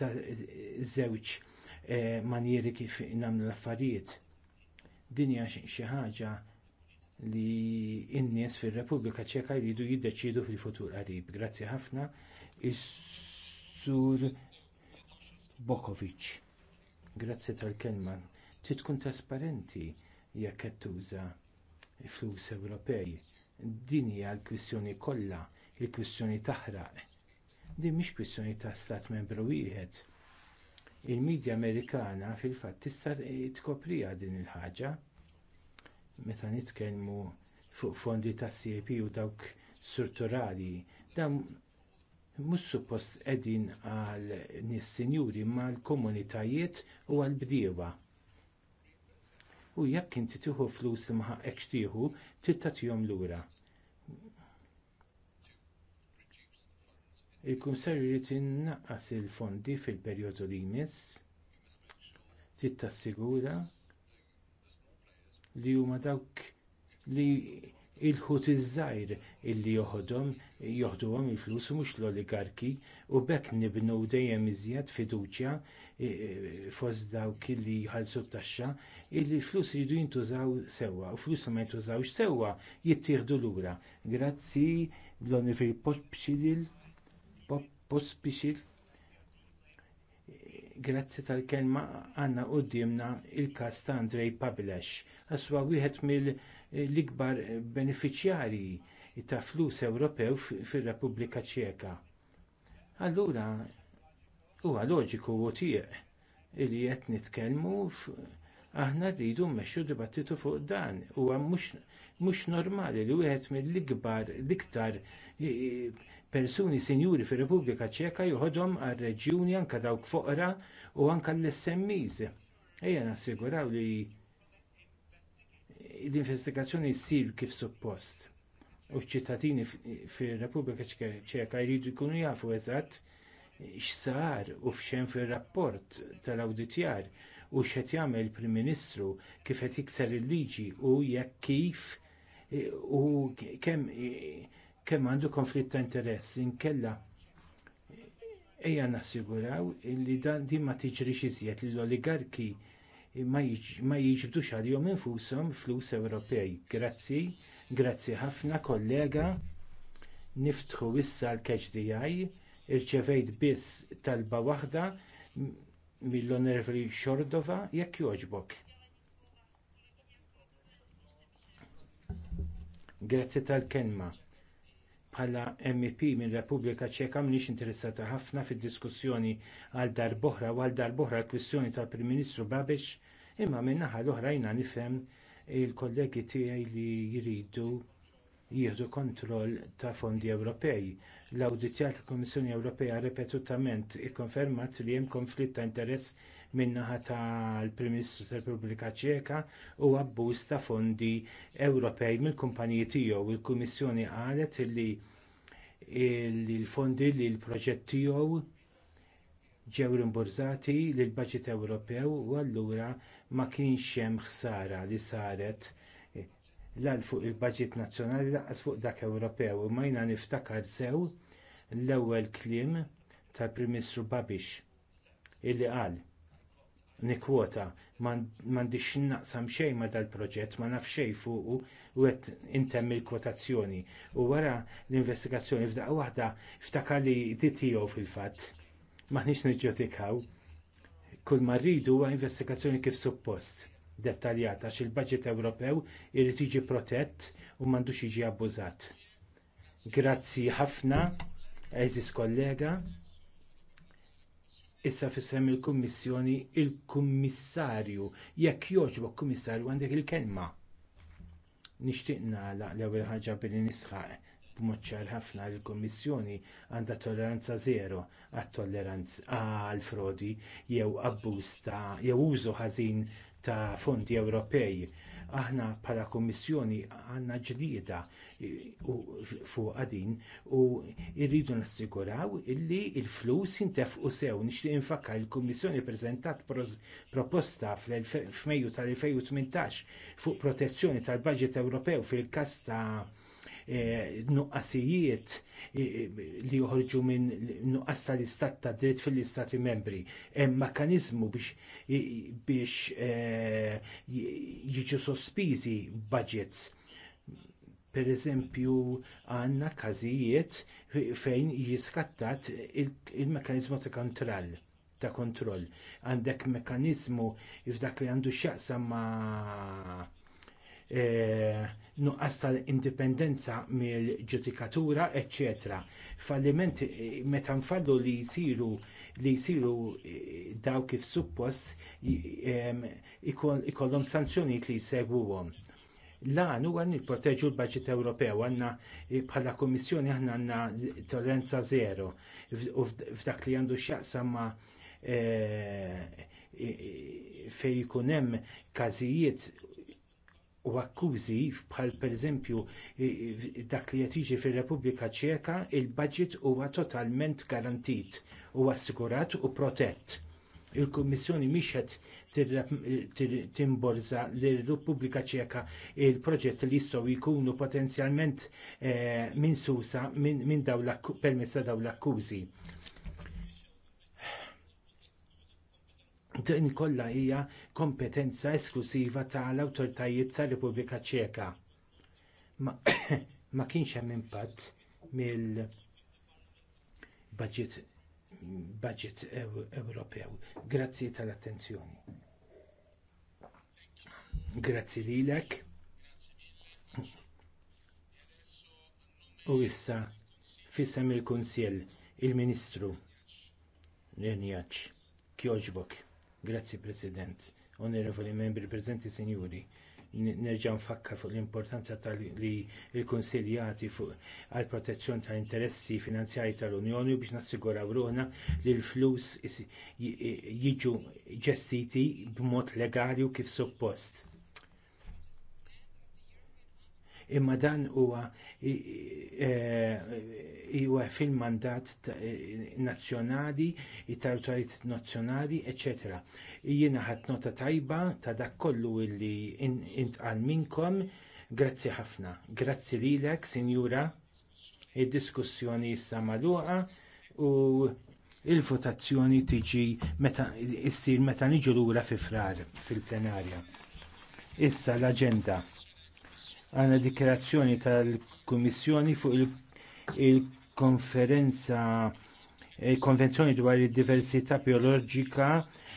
ta' żewġ eh, manjeri kif nagħmlu l-affarijiet. Din hija xi ħaġa li n-nies fir-Repubblika Ċeka jridu jiddeċidu fil-futur qarib. Grazzi ħafna is-Sur Bokovic. Grazzi tal-kelma. Titkun trasparenti jekk qed tuża flus Ewropej. Din hija l-kwistjoni kollha, il-kwistjoni taħraq. Din mhix kwistjoni ta' stat membru wieħed. il midja Amerikana fil-fatt tista' tkopriha din il-ħaġa. Meta nitkellmu fuq fondi tas CEP u dawk strutturali, dan mhux suppost qegħdin għal nis sinjuri ma l-komunitajiet u għall bdiewa u jekk inti tieħu flus li ma ħaqekx tieħu trid tagħtihom lura. Il-kumsar irid innaqqas il-fondi fil-perjodu li jmiss, trid tassigura li huma dawk li il-ħut iż-żgħir illi joħodhom joħduhom il-flus mhux l-oligarki u bekk nibnu dejjem iżjed fiduċja e, e, fost dawk illi jħallsu t-taxxa illi l-flus jridu jintużaw sewwa u flus ma jintużawx sewwa jittieħdu lura. Grazzi l-Onifil Pospixil grazzi tal-kelma għandna quddiemna il każ ta' Andrej Pablex. Aswa wieħed mill- l-ikbar benefiċjarji ta' flus Ewropew fir-Repubblika Ċeka. Allura huwa loġiku u tieq li qed nitkellmu aħna rridu mmexxu dibattitu fuq dan huwa mhux normali li wieħed mill-ikbar l-iktar persuni sinjuri fir-Repubblika Ċeka joħodhom għar-reġjuni anke dawk foqra u anke l-SMEs. Ejja nassiguraw li l-investigazzjoni ssir kif suppost. U ċittadini fir-Repubblika Ċeka jridu jkunu jafu eżatt x'sar u f'xejn fir-rapport tal-awditjar u x'qed jagħmel il-Prim Ministru kif qed jikser il-liġi u jekk kif e, u kemm e, kemm għandu konflitt ta' interess inkella e, ejja nassiguraw li dan din ma tiġrix iżjed lill oligarki ma jiġbdux għal-jom infushom flus Ewropej. Grazzi, grazzi ħafna kollega. Niftħu issa l-KHDI, irċevejt biss talba waħda mill-Onorevoli Xordova jekk jogħġbok. Grazzi tal-kelma bħala MEP minn Repubblika Ċeka mniex interessata ħafna fid-diskussjoni għal darboħra u għal darboħra l-kwistjoni tal-Prim Ministru Babex imma min-naħa l-oħra nifhem il-kollegi tiegħi li jridu jieħdu kontroll ta' fondi Ewropej. L-awditjat tal kummissjoni Ewropea repetutament ikkonfermat li hemm konflitt ta' interess min-naħa tal-Prim Ministru tal-Repubblika Ċeka u abbuż ta' fondi Ewropej mill-kumpaniji tiegħu. Il-Kummissjoni qalet li l-fondi li l-proġett tiegħu ġew rimburzati lill baġit Ewropew u allura ma kienx hemm ħsara li saret l fuq il-baġit nazzjonali laqas fuq dak Ewropew u majna niftakar sew l-ewwel kliem tal-Prim Ministru Babix illi qal nikwota m'għandix naqsam xejn ma dal-proġett ma naf xejn fuqu u qed intemm il-kwotazzjoni. U wara l-investigazzjoni f'daqqa waħda ftakar li di tiegħu fil-fatt. Maħniex nġotikaw, Kull marridu rridu huwa investigazzjoni kif suppost dettaljata xil budget Ewropew irid jiġi protett u m'għandux jiġi abbużat. Grazzi ħafna, eżis kollega. Issa fissem il-Kummissjoni il-Kummissarju. Jekk jogħġbok Kummissarju għandek il-kelma. Nixtieq nagħlaq l-ewwel ħaġa billi nisħaq b'mod ċar ħafna li l-Kummissjoni għandha tolleranza żero għat-tolleranza għal frodi jew abbuż ta' jew użu ħażin ta' fondi Ewropej Aħna bħala Kommissjoni għandna ġlieda fuq għadin u rridu nassiguraw illi l flus jintefqu sew. Nixtieq infakka il-Kummissjoni prezentat proposta fl-Mejju tal-2018 fuq protezzjoni tal budget Ewropew fil kasta ta' E, nuqqasijiet e, li joħorġu minn nuqqas tal-istat ta' dritt fil-istati membri. Hemm mekkaniżmu biex e, jiġu sospiżi budgets per eżempju għanna każijiet fejn jiskattat il-mekanizmu ta' kontroll ta' kontroll. Għandek mekanizmu f'dak li għandu x'jaqsam ma' nuqqas tal-indipendenza mill-ġudikatura, etc. Falliment meta nfallu li jsiru li jsiru eh, daw kif suppost ikollhom sanzjonijiet li jsegwuhom. Lan huwa nipproteġu l-Baġit Ewropew għandna eh, bħala Kummissjoni aħna għandna tolleranza zero f'dak li għandu x'jaqsam ma' eh, fejn jkun hemm każijiet u akkużi bħal pereżempju dak li qed jiġi fir-Repubblika Ċeka, il-budget huwa totalment garantit u assigurat u protett. Il-Kummissjoni mhix qed timborza lir repubblika Ċeka l proġett li jistgħu jkunu potenzjalment eh, minsusa minn permezz ta' dawn l-akkużi. Din kollha hija kompetenza esklusiva tal-awtoritajiet tar-Repubblika Ċeka. Ma, ma kienx hemm impatt mill budget budget Ewropew. Grazzi tal-attenzjoni. Grazzi lilek. U issa fissem il-Kunsill, il-Ministru Renjaċ, Kjoġbok. Grazzi President, onorevoli membri prezenti sinjuri. Nerġa' nfakkar fuq l-importanza tal-li l-Kunsill jagħti fuq għall protezzjoni tal-interessi finanzjarji tal-Unjoni biex nassiguraw ruħna li l-flus jiġu ġestiti b'mod legali u kif suppost imma dan huwa eh, huwa fil-mandat eh, nazzjonali, tal-autorit nazzjonali, etc. Jiena ħadd nota tajba ta' dak kollu illi intqal minnkom. Grazzi ħafna. Grazzi lilek, Sinjura. Id-diskussjoni issa magħluqa u il-votazzjoni tiġi meta issir meta niġu lura fi frar fil-plenarja. Issa l-aġenda. Għanna dikjerazzjoni tal-Kummissjoni fuq il-konferenza il eh, konvenzjoni dwar id-diversità Biologika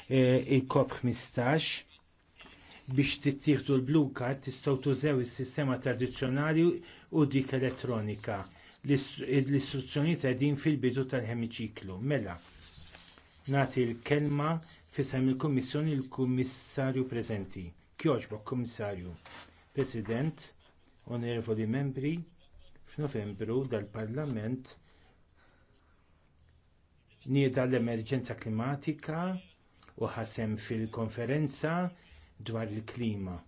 eh, il-COP 15 biex tittieħdu l bluka card tistgħu tużew is-sistema tradizzjonali u dik elettronika. L-istruzzjonijiet qegħdin fil-bidu tal-hemiċiklu. Mela, nagħti l-kelma fisem il-Kummissjoni l-Kummissarju preżenti. Kjoġbok, Kummissarju. President, Onorevoli membri, f'Novembru dal-Parlament nieda l-emerġenza klimatika u ħasem fil-konferenza dwar il-klima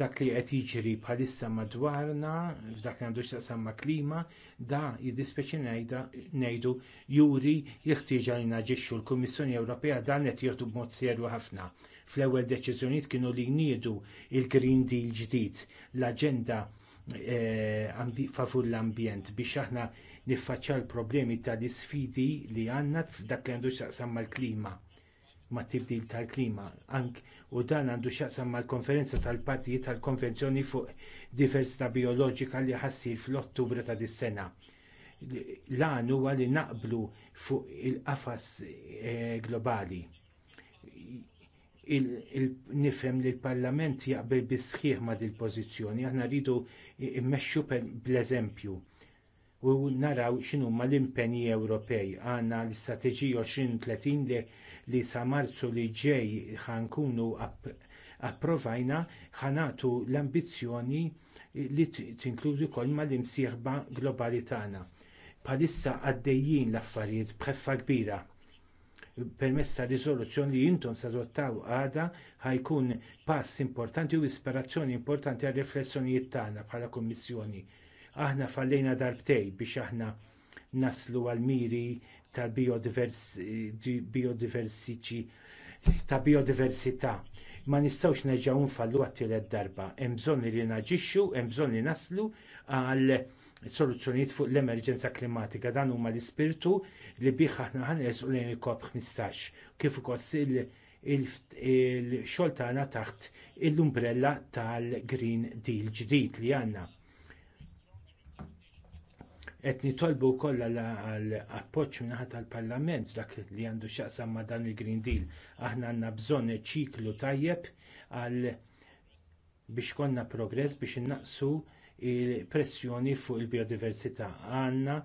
dak li qed jiġri bħalissa madwarna f'dak li għandu x'taqsamma klima, da jiddispeċi ngħidu juri jeħtieġa li naġixxu l-Kummissjoni Ewropea dan qed jieħdu b'mod serju ħafna. Fl-ewwel deċiżjonijiet kienu li jniedu il-Green Deal ġdid, l-aġenda eh, favur l-ambjent biex aħna niffaċċja il problemi tal isfidi li għandna f'dak li għandu x'taqsamma l-klima mat tibdil tal-klima. Ank u dan għandu x'jaqsam mal-konferenza tal-partijiet tal-konvenzjoni fuq diversità bioloġika li ħassir fl-ottubru ta' dis-sena. Lan huwa li naqblu fuq il-qafas eh, globali. Nifhem li l-Parlament jaqbel sħiħ ma' il pożizzjoni aħna rridu mmexxu bl-eżempju u naraw x'inhuma l-impenji Ewropej għandna l-istrateġija 2030 li li sa marzu li ġej ħankunu approvajna ħanatu l-ambizjoni li tinkludi kol ma l-imsieħba globali tagħna. Palissa għaddejjin l-affarijiet bħeffa kbira. Permess ta' riżoluzzjoni li jintom sadottaw għada ħajkun pass importanti u ispirazzjoni importanti għal riflessjonijiet tagħna bħala Kummissjoni. Aħna fallejna darbtej biex aħna naslu għal miri tal-biodiversiti ta' biodiversità. Ma nistgħux nerġgħu nfallu għat-tielet darba. Hemm bżonn li naġixxu, hemm bżonn li naslu għal soluzzjonijiet fuq l-emerġenza klimatika. Dan huma l-ispirtu li bih aħna u lejn il-kop 15 kif ukoll il-xogħol tagħna taħt l-umbrella tal-Green Deal ġdid li għandna qed nitolbu wkoll għal appoġġ minnaħa tal-Parlament dak li għandu xaqsam ma' dan il-Green Deal. Aħna għandna bżonn ċiklu tajjeb għal biex konna progress biex innaqsu l pressjoni fuq il-biodiversità. Għanna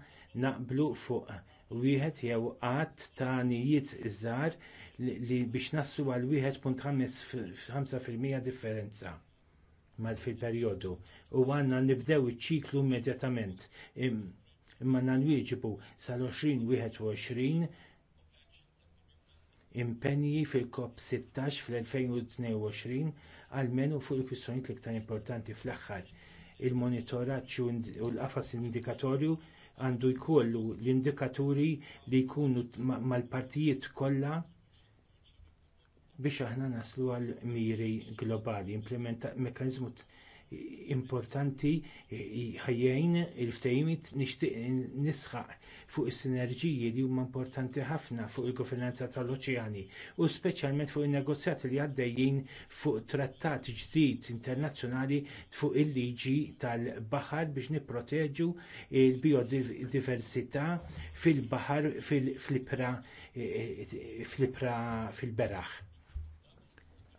naqblu fuq wieħed jew qatt ta' nijiet iżar li biex naslu għal 1.5% differenza mal fil perjodu u għandna nibdew iċ-ċiklu immedjatament imma nal-wieġibu sal-2021 impenji fil-COP 16 fl-2022 għal-menu fuq il-kwistjonijiet l-iktar importanti fl-aħħar. Il-monitoraġġ u l-qafas indikatorju għandu jkollu l-indikaturi li jkunu mal-partijiet kollha biex aħna naslu għal miri globali, implementa mekanizmu importanti e, ħajjajn il-ftejmit nixtieq nisħaq fuq is-sinerġiji li huma importanti ħafna fuq il-governanza tal-oċeani u speċjalment fuq in-negozjati li għaddejjin fuq trattat ġdid internazzjonali fuq il-liġi tal-baħar biex nipproteġu l biodiversità fil-baħar fil-ibra e, e, fil-beraħ.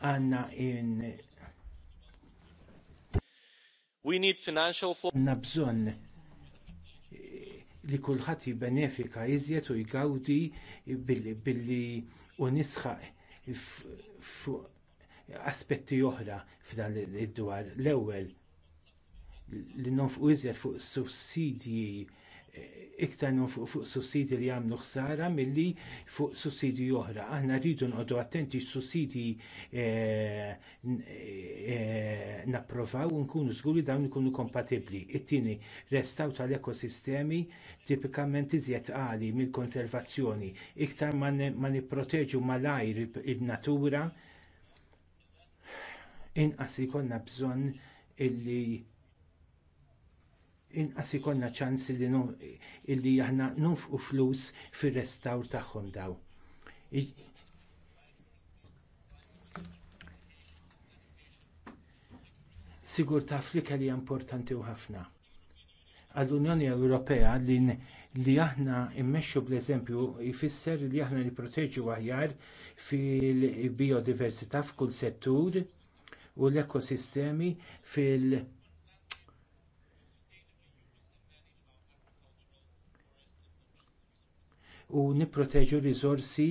Għanna We need financial flow. Nabżon eh, li kulħadd jibbenefika iżjed u jgawdi billi u nisħa fuq aspetti oħra f'dan id-dwar. L-ewwel li nonfqu iżjed fuq sussidji iktar fuq fuq li għamlu ħsara milli fuq sussidi oħra. Aħna rridu nqogħdu attenti s sussidi eh, eh, napprovaw u nkunu żguri dawn ikunu kompatibbli. It-tieni restaw tal-ekosistemi tipikament iżjed għali mill-konservazzjoni, iktar ma nipproteġu mal-ajr il-natura, inqas li konna bżonn illi inqas ikonna ċans li illi aħna nufqu flus fir-restawr tagħhom daw. Sigur ta' Afrika li importanti u ħafna. Għall-Unjoni Ewropea li li aħna immexxu bl-eżempju jfisser li aħna nipproteġu aħjar fil-biodiversità f'kull settur u l-ekosistemi fil-, -biodiversità, fil u nipproteġu riżorsi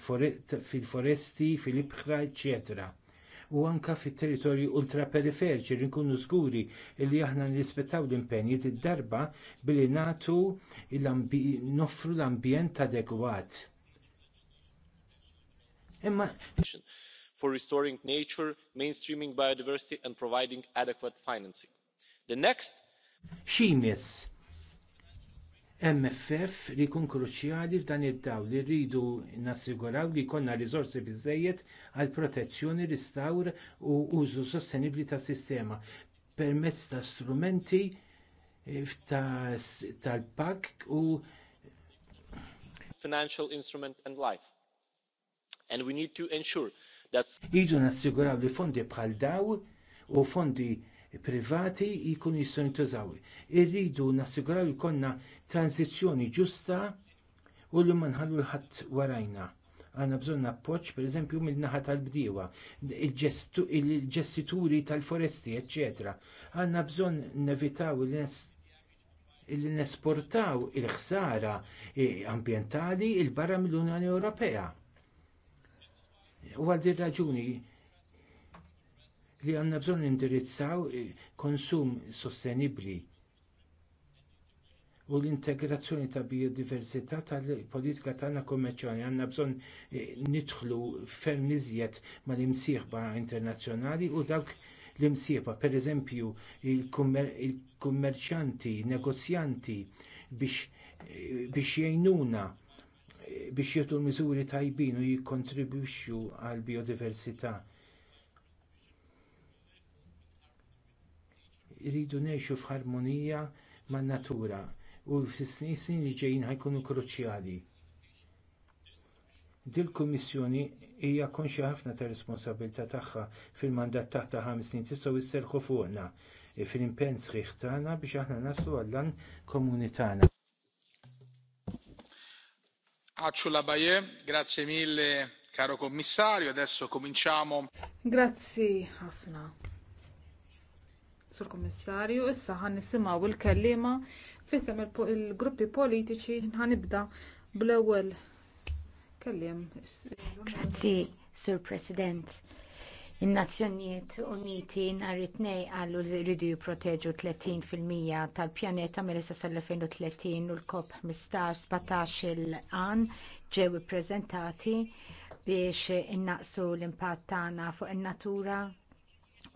fil-foresti, fil-ibħra, eccetera u anke fit-territorji ultraperiferiċi li nkunu żguri li aħna nirrispettaw l-impenji id-darba billi nagħtu noffru l-ambjent adegwat. Imma for restoring nature, mainstreaming biodiversity and providing adequate financing. The next Ximis MFF li jkun kruċjali f'dan id-dawl li rridu nassiguraw li jkollna riżorsi biżżejjed għal protezzjoni, ristawr u użu sostenibbli tas sistema permezz ta' strumenti eh, tal-pak u financial instrument and life. And we need to ensure that Idu nassiguraw li fondi bħal daw u fondi privati jikun jistgħu jintużaw. Irridu nassiguraw li konna transizzjoni ġusta u l nħallu l-ħadd warajna. Għanna bżonn per pereżempju mill-naħa tal-bdiewa, il-ġestituri tal-foresti, ecc. Għanna bżonn nevitaw li nesportaw il-ħsara eh, ambjentali il-barra mill-Unjoni Ewropea. U għal din raġuni li għandna bżonn indirizzaw konsum sostenibbli u l-integrazzjoni ta' biodiversità tal-politika tagħna kummerċjali għandna bżonn e, nidħlu ferm iżjed mal-imsieħba internazzjonali u dawk l-imsieħba, pereżempju il-kummerċanti, il negozjanti biex e, biex jgħinuna e, biex jieħdu l-miżuri tajbin u jikkontribwixxu għall biodiversità rridu ngħixu f'harmonija man natura u fis-snin li ġejjin ħajkunu kruċjali. Dil kummissjoni hija konxi ħafna ta' responsabilità tagħha fil-mandat ta' ħames snin tistgħu jisserħu fuqna fil-impenn sħiħ tagħna biex aħna naslu għall-lan komuni tagħna. la baje, grazie mille caro commissario, adesso cominciamo. Grazie Hafna. Sur Kummissarju, issa ħan nisimaw il-kellima fissem il-gruppi politiċi ħanibda bl ewel kellim. Grazzi, Sur President. In-Nazzjonijiet Uniti nhar it-tnejn qalu li jridu jipproteġu 30% tal-pjaneta mill-issa sal-2030 u l-COP 15 17 il għan ġew ippreżentati biex innaqsu l-impatt tagħna fuq in-natura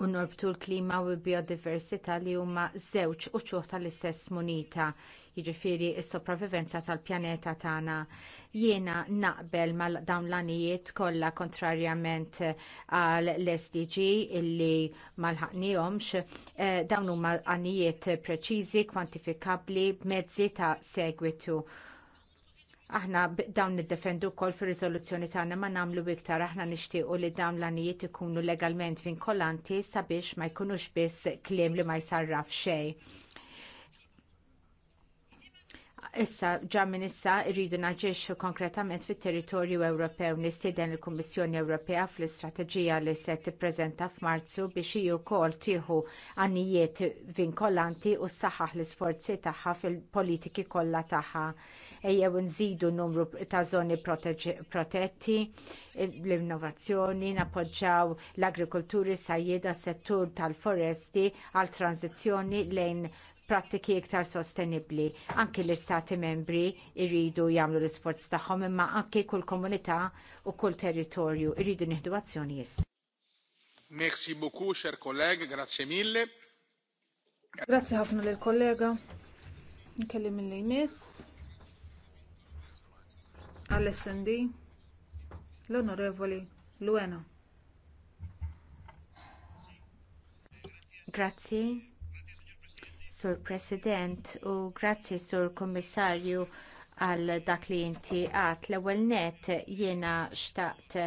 u norbtu l-klima u l-biodiversità li huma żewġ uċuħ tal-istess munita jiġifieri s-sopravivenza tal-pjaneta tagħna. Jiena naqbel mal dawn l-anijiet kollha kontrarjament għal l-SDG illi malħaqnihomx eh, dawn huma anijiet preċiżi, kwantifikabbli b'mezzi ta' segwitu Aħna dawn niddefendu wkoll fir riżoluzzjoni tagħna ma nagħmlu iktar aħna nixtiequ li dawn l-anijiet ikunu legalment vinkolanti sabiex ma jkunux biss kliem li ma jsarraf xejn issa ġa minn issa rridu naġix konkretament fit-territorju Ewropew nistieden il-Kummissjoni Ewropea fl-istrateġija li se tippreżenta f'Marzu biex hi wkoll tieħu għannijiet vinkolanti u saħaħ l-isforzi tagħha fil-politiki kollha tagħha. Ejjew nżidu numru ta' żoni protetti, l-innovazzjoni, napoġġaw l-agrikolturi sajjeda settur tal-foresti għal tranzizzjoni lejn prattiki iktar sostenibbli. Anki l-istati membri jridu jagħmlu l-isforz tagħhom imma anki kull komunità u kull territorju irridu nieħdu azzjoni issa. Merci beaucoup, cher collègue, grazie mille. Grazie ħafna lil kollega. Nkellim li jmiss. Għall-SND. L-Onorevoli Luena. Grazie. Sur President u grazzi Sur Kommissarju għal dak li inti għat l ewwel net jiena xtaqt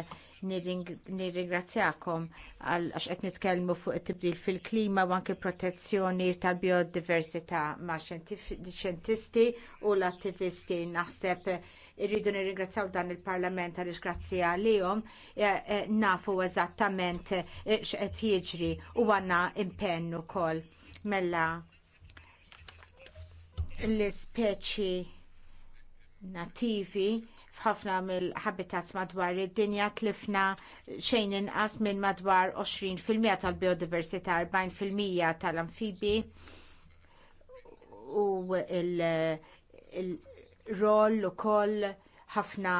nirringrazzjakom għal għax qed nitkellmu fuq it-tibdil fil-klima u anke protezzjoni tal-biodiversità ma' xjentisti u l-attivisti naħseb irridu nirringrazzjaw dan il-Parlament għaliex grazzi għalihom e, e, nafu eżattament e, x'qed jiġri u għandna impenn ukoll mella l-ispeċi nativi f'ħafna mill-habitats madwar id-dinja tlifna xejn inqas minn madwar 20% tal-biodiversità, 40% tal-amfibi u il-roll u ukoll ħafna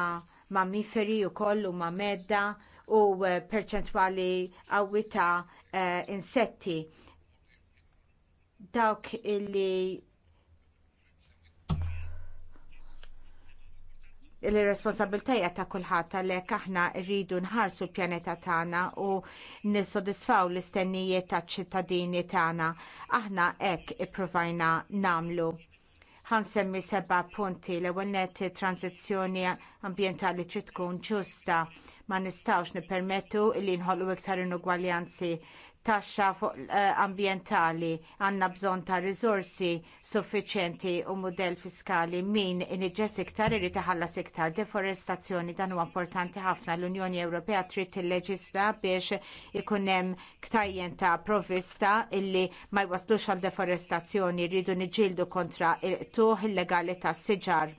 mammiferi wkoll huma medda u perċentwali għawita eh, insetti dawk illi il-responsabiltajja ta' kulħadd għalhekk aħna rridu nħarsu l-pjaneta tagħna u nissodisfaw l-istennijiet taċ ċittadini tagħna. Aħna hekk ippruvajna nagħmlu. Ħansemmi seba' punti l-ewwel net tranzizzjoni ambjentali trid tkun ġusta ma nistgħux nippermettu li nħolqu iktar inugwaljanzi taxxa fuq eh, ambjentali għandna bżonn ta' riżorsi suffiċjenti u mudell fiskali min inġess iktar irid iħallas iktar deforestazzjoni dan huwa importanti ħafna l-Unjoni Ewropea trid tilleġisla biex ikun hemm ktajjen ta' provvista illi ma jwaslux għal deforestazzjoni rridu niġġieldu kontra il-tuħ illegali tas siġar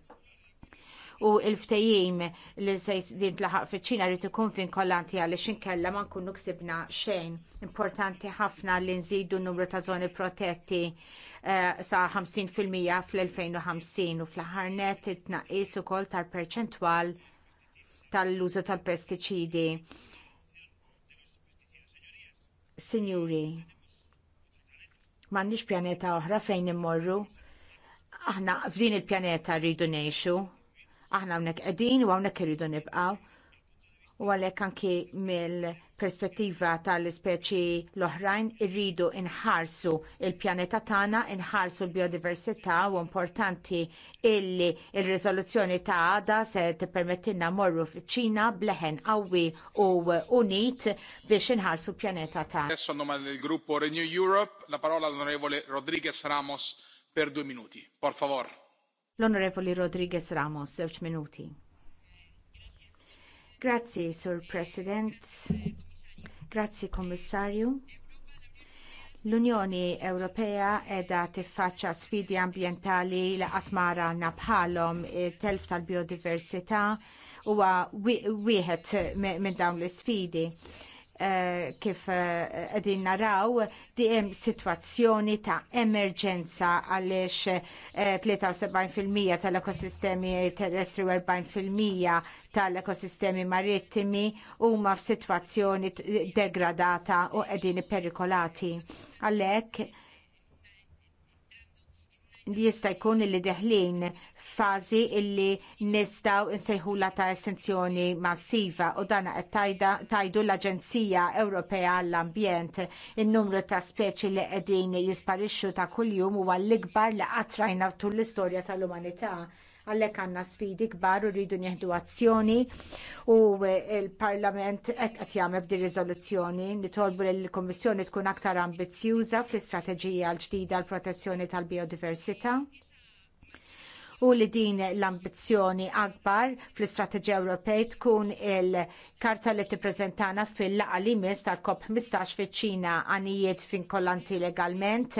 u il-ftejim li se jisdint laħaq fiċ ċina rrid ikun vinkolanti għaliex inkella ma nkunu ksibna xejn. Importanti ħafna li nżidu n-numru ta' żoni protetti eh, sa' 50% fl-2050 u fl-aħħar it-naqis u ukoll tal-perċentwal tal-użu tal-pestiċidi. Signuri, m'għandniex pjaneta oħra fejn immorru. Aħna f'din il-pjaneta rridu ngħixu. Aħna hawnhekk qegħdin u hawnhekk irridu nibqaw. U għalek anki mill-perspettiva tal speċi l-oħrajn irridu inħarsu il pjaneta tagħna, inħarsu l-biodiversità u importanti illi il riżoluzzjoni ta' għada se t-permettinna morru fiċ-Ċina bleħen għawi u unit biex inħarsu l-pjaneta tagħna. Adesso noma gruppo Renew Europe, la parola all'onorevole Rodriguez Ramos per due minuti. Por favor. L-Onorevoli Rodriguez Ramos, żewġ minuti. Grazzi, Sur President. Grazzi, Commissario. L-Unjoni Ewropea edha tiffaċċa sfidi ambjentali li qatmara ma għandna telf tal-biodiversità huwa wieħed minn dawn l-isfidi. Eh, kif eh, għedin naraw naraw dijem situazzjoni ta' emerġenza għalix 73% eh, tal-ekosistemi terrestri u 40% tal-ekosistemi marittimi huma f'sitwazzjoni degradata u qegħdin perikolati. Għalhekk jista' jkun illi deħlin fażi illi nistgħu nsejħula ta' estensjoni massiva u dan qed tajdu l-Aġenzija Ewropea għall-Ambjent. In-numru ta' speċi li qegħdin jisparixxu ta' kuljum huwa l-ikbar li qatt rajna tul l-istorja tal-umanità. Għallek għanna sfidi kbar u rridu nieħdu azzjoni u il-Parlament qed jagħmel b'di li nitolbu lill kummissjoni tkun aktar ambizjuża fl-istrateġija l-ġdida l-protezzjoni tal-biodiversità u li din l-ambizzjoni akbar fl-istrateġija Ewropej tkun il-karta li tippreżentana fil laqgħa li mis tal-COP15 fiċ ċina għanijiet finkollanti legalment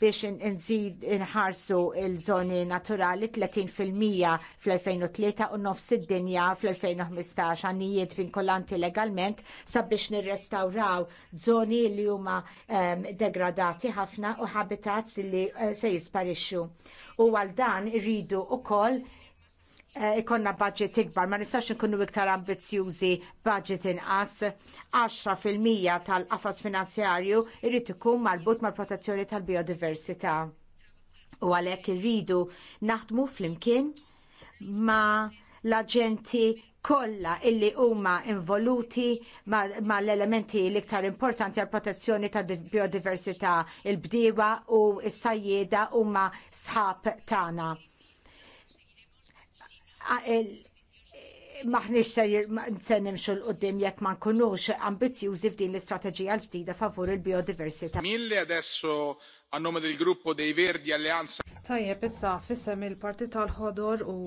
biex nżid inħarsu il-żoni naturali 30% fl-2003 u nofs id-dinja fl-2015 għanijiet vinkolanti legalment sabiex nirrestawraw zoni li huma um, degradati ħafna u habitats li uh, se jisparixxu. U għal dan irridu wkoll eh, ikonna budget ikbar, ma nistax nkunu iktar ambizjużi budget inqas. 10% tal-qafas finanzjarju irrid ikun marbut mal-protezzjoni tal-biodiversità. U għalhekk irridu naħdmu flimkien ma l-aġenti kollha illi huma involuti ma l-elementi l-iktar importanti għal protezzjoni ta' biodiversità, il-bdiewa u s-sajjeda huma sħab tagħna maħniex se nimxu l-qoddim jekk ma nkunux ambizjużi f'din l-istrateġija l-ġdida favur il-biodiversità. Mille adesso a nome del gruppo dei Verdi Alleanza. Tajjeb issa fissem il parti tal-Ħodor u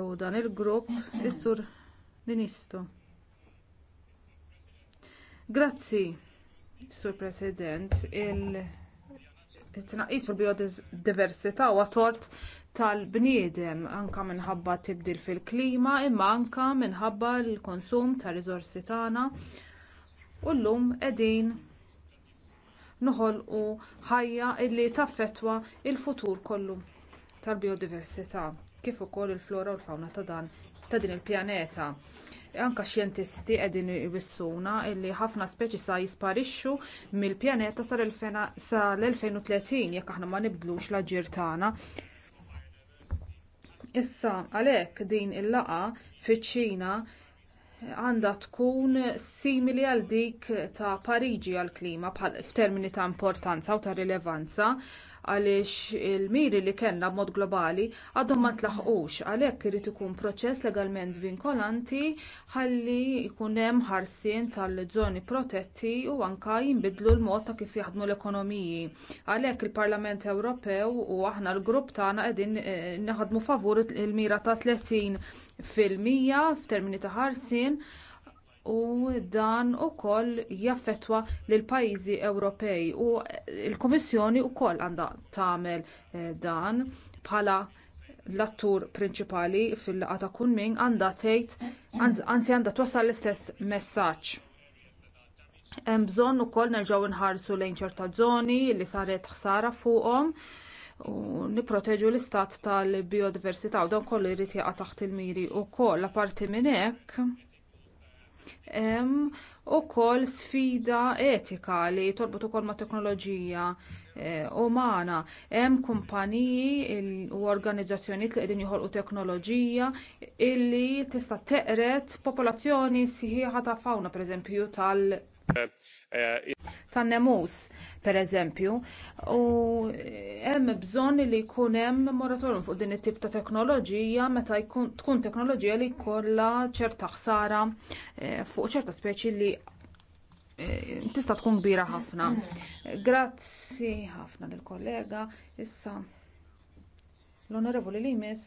u dan il-grupp is-sur Ministru. Grazzi, Sur President, il-tnaqqis fil-biodiversità u għatort tal-bniedem anke minħabba tibdil fil-klima imma anke minħabba l-konsum ta' riżorsi tagħna u llum qegħdin noħolqu ħajja li taffettwa l futur kollu tal-biodiversità kif ukoll il-flora u l-fawna ta' dan ta' din il-pjaneta. Anke xjentisti qegħdin iwissuna li ħafna speċi sa jisparixxu mill-pjaneta sal-2030 jekk aħna ma nibdlux l-aġir tagħna Issa għalhekk din il laqgħa fiċ-Ċina għandha tkun simili għal dik ta' Pariġi għall klima f'termini ta' importanza u ta' rilevanza għaliex il-miri li kellna b'mod globali għadhom ma tlaħqux għalhekk irid ikun proċess legalment vinkolanti ħalli jkun hemm ħarsien tal-żoni protetti u anke jinbidlu l-mod ta' kif jaħdmu l-ekonomiji. Għalhekk il-Parlament Ewropew u aħna l-grupp tagħna qegħdin eh, naħdmu favur il-mira ta' 30 fil-mija f'termini ta' ħarsien u dan ukoll jaffettwa lill pajjiżi Ewropej u l-Kummissjoni wkoll għandha tagħmel eh, dan bħala l-attur prinċipali fil-laqgħa ta' kunming għandha tgħid anzi għandha twassal l-istess messaġġ. Hemm bżonn ukoll nerġgħu nħarsu lejn ċerta żoni li saret ħsara fuqhom u nipproteġu l-istat tal-biodiversità u dan kollu jrid jaqa' taħt il-miri wkoll apparti minn hekk Hemm ukoll sfida etika li torbut ukoll ma' teknoloġija eh, umana. Hemm kumpaniji u organizzazzjonijiet li qegħdin joħolqu teknoloġija illi tista' teqret popolazzjoni siħiħa ta' per pereżempju tal eh, tan-nemus pereżempju u hemm bżonn li jkun hemm moratorium fuq din it-tip ta' teknoloġija meta jkun tkun teknoloġija li jkollha ċerta ħsara eh, fuq ċerta speċi li eh, tista' tkun kbira ħafna. Grazzi ħafna lill kollega Issa l-Onorevoli Limis.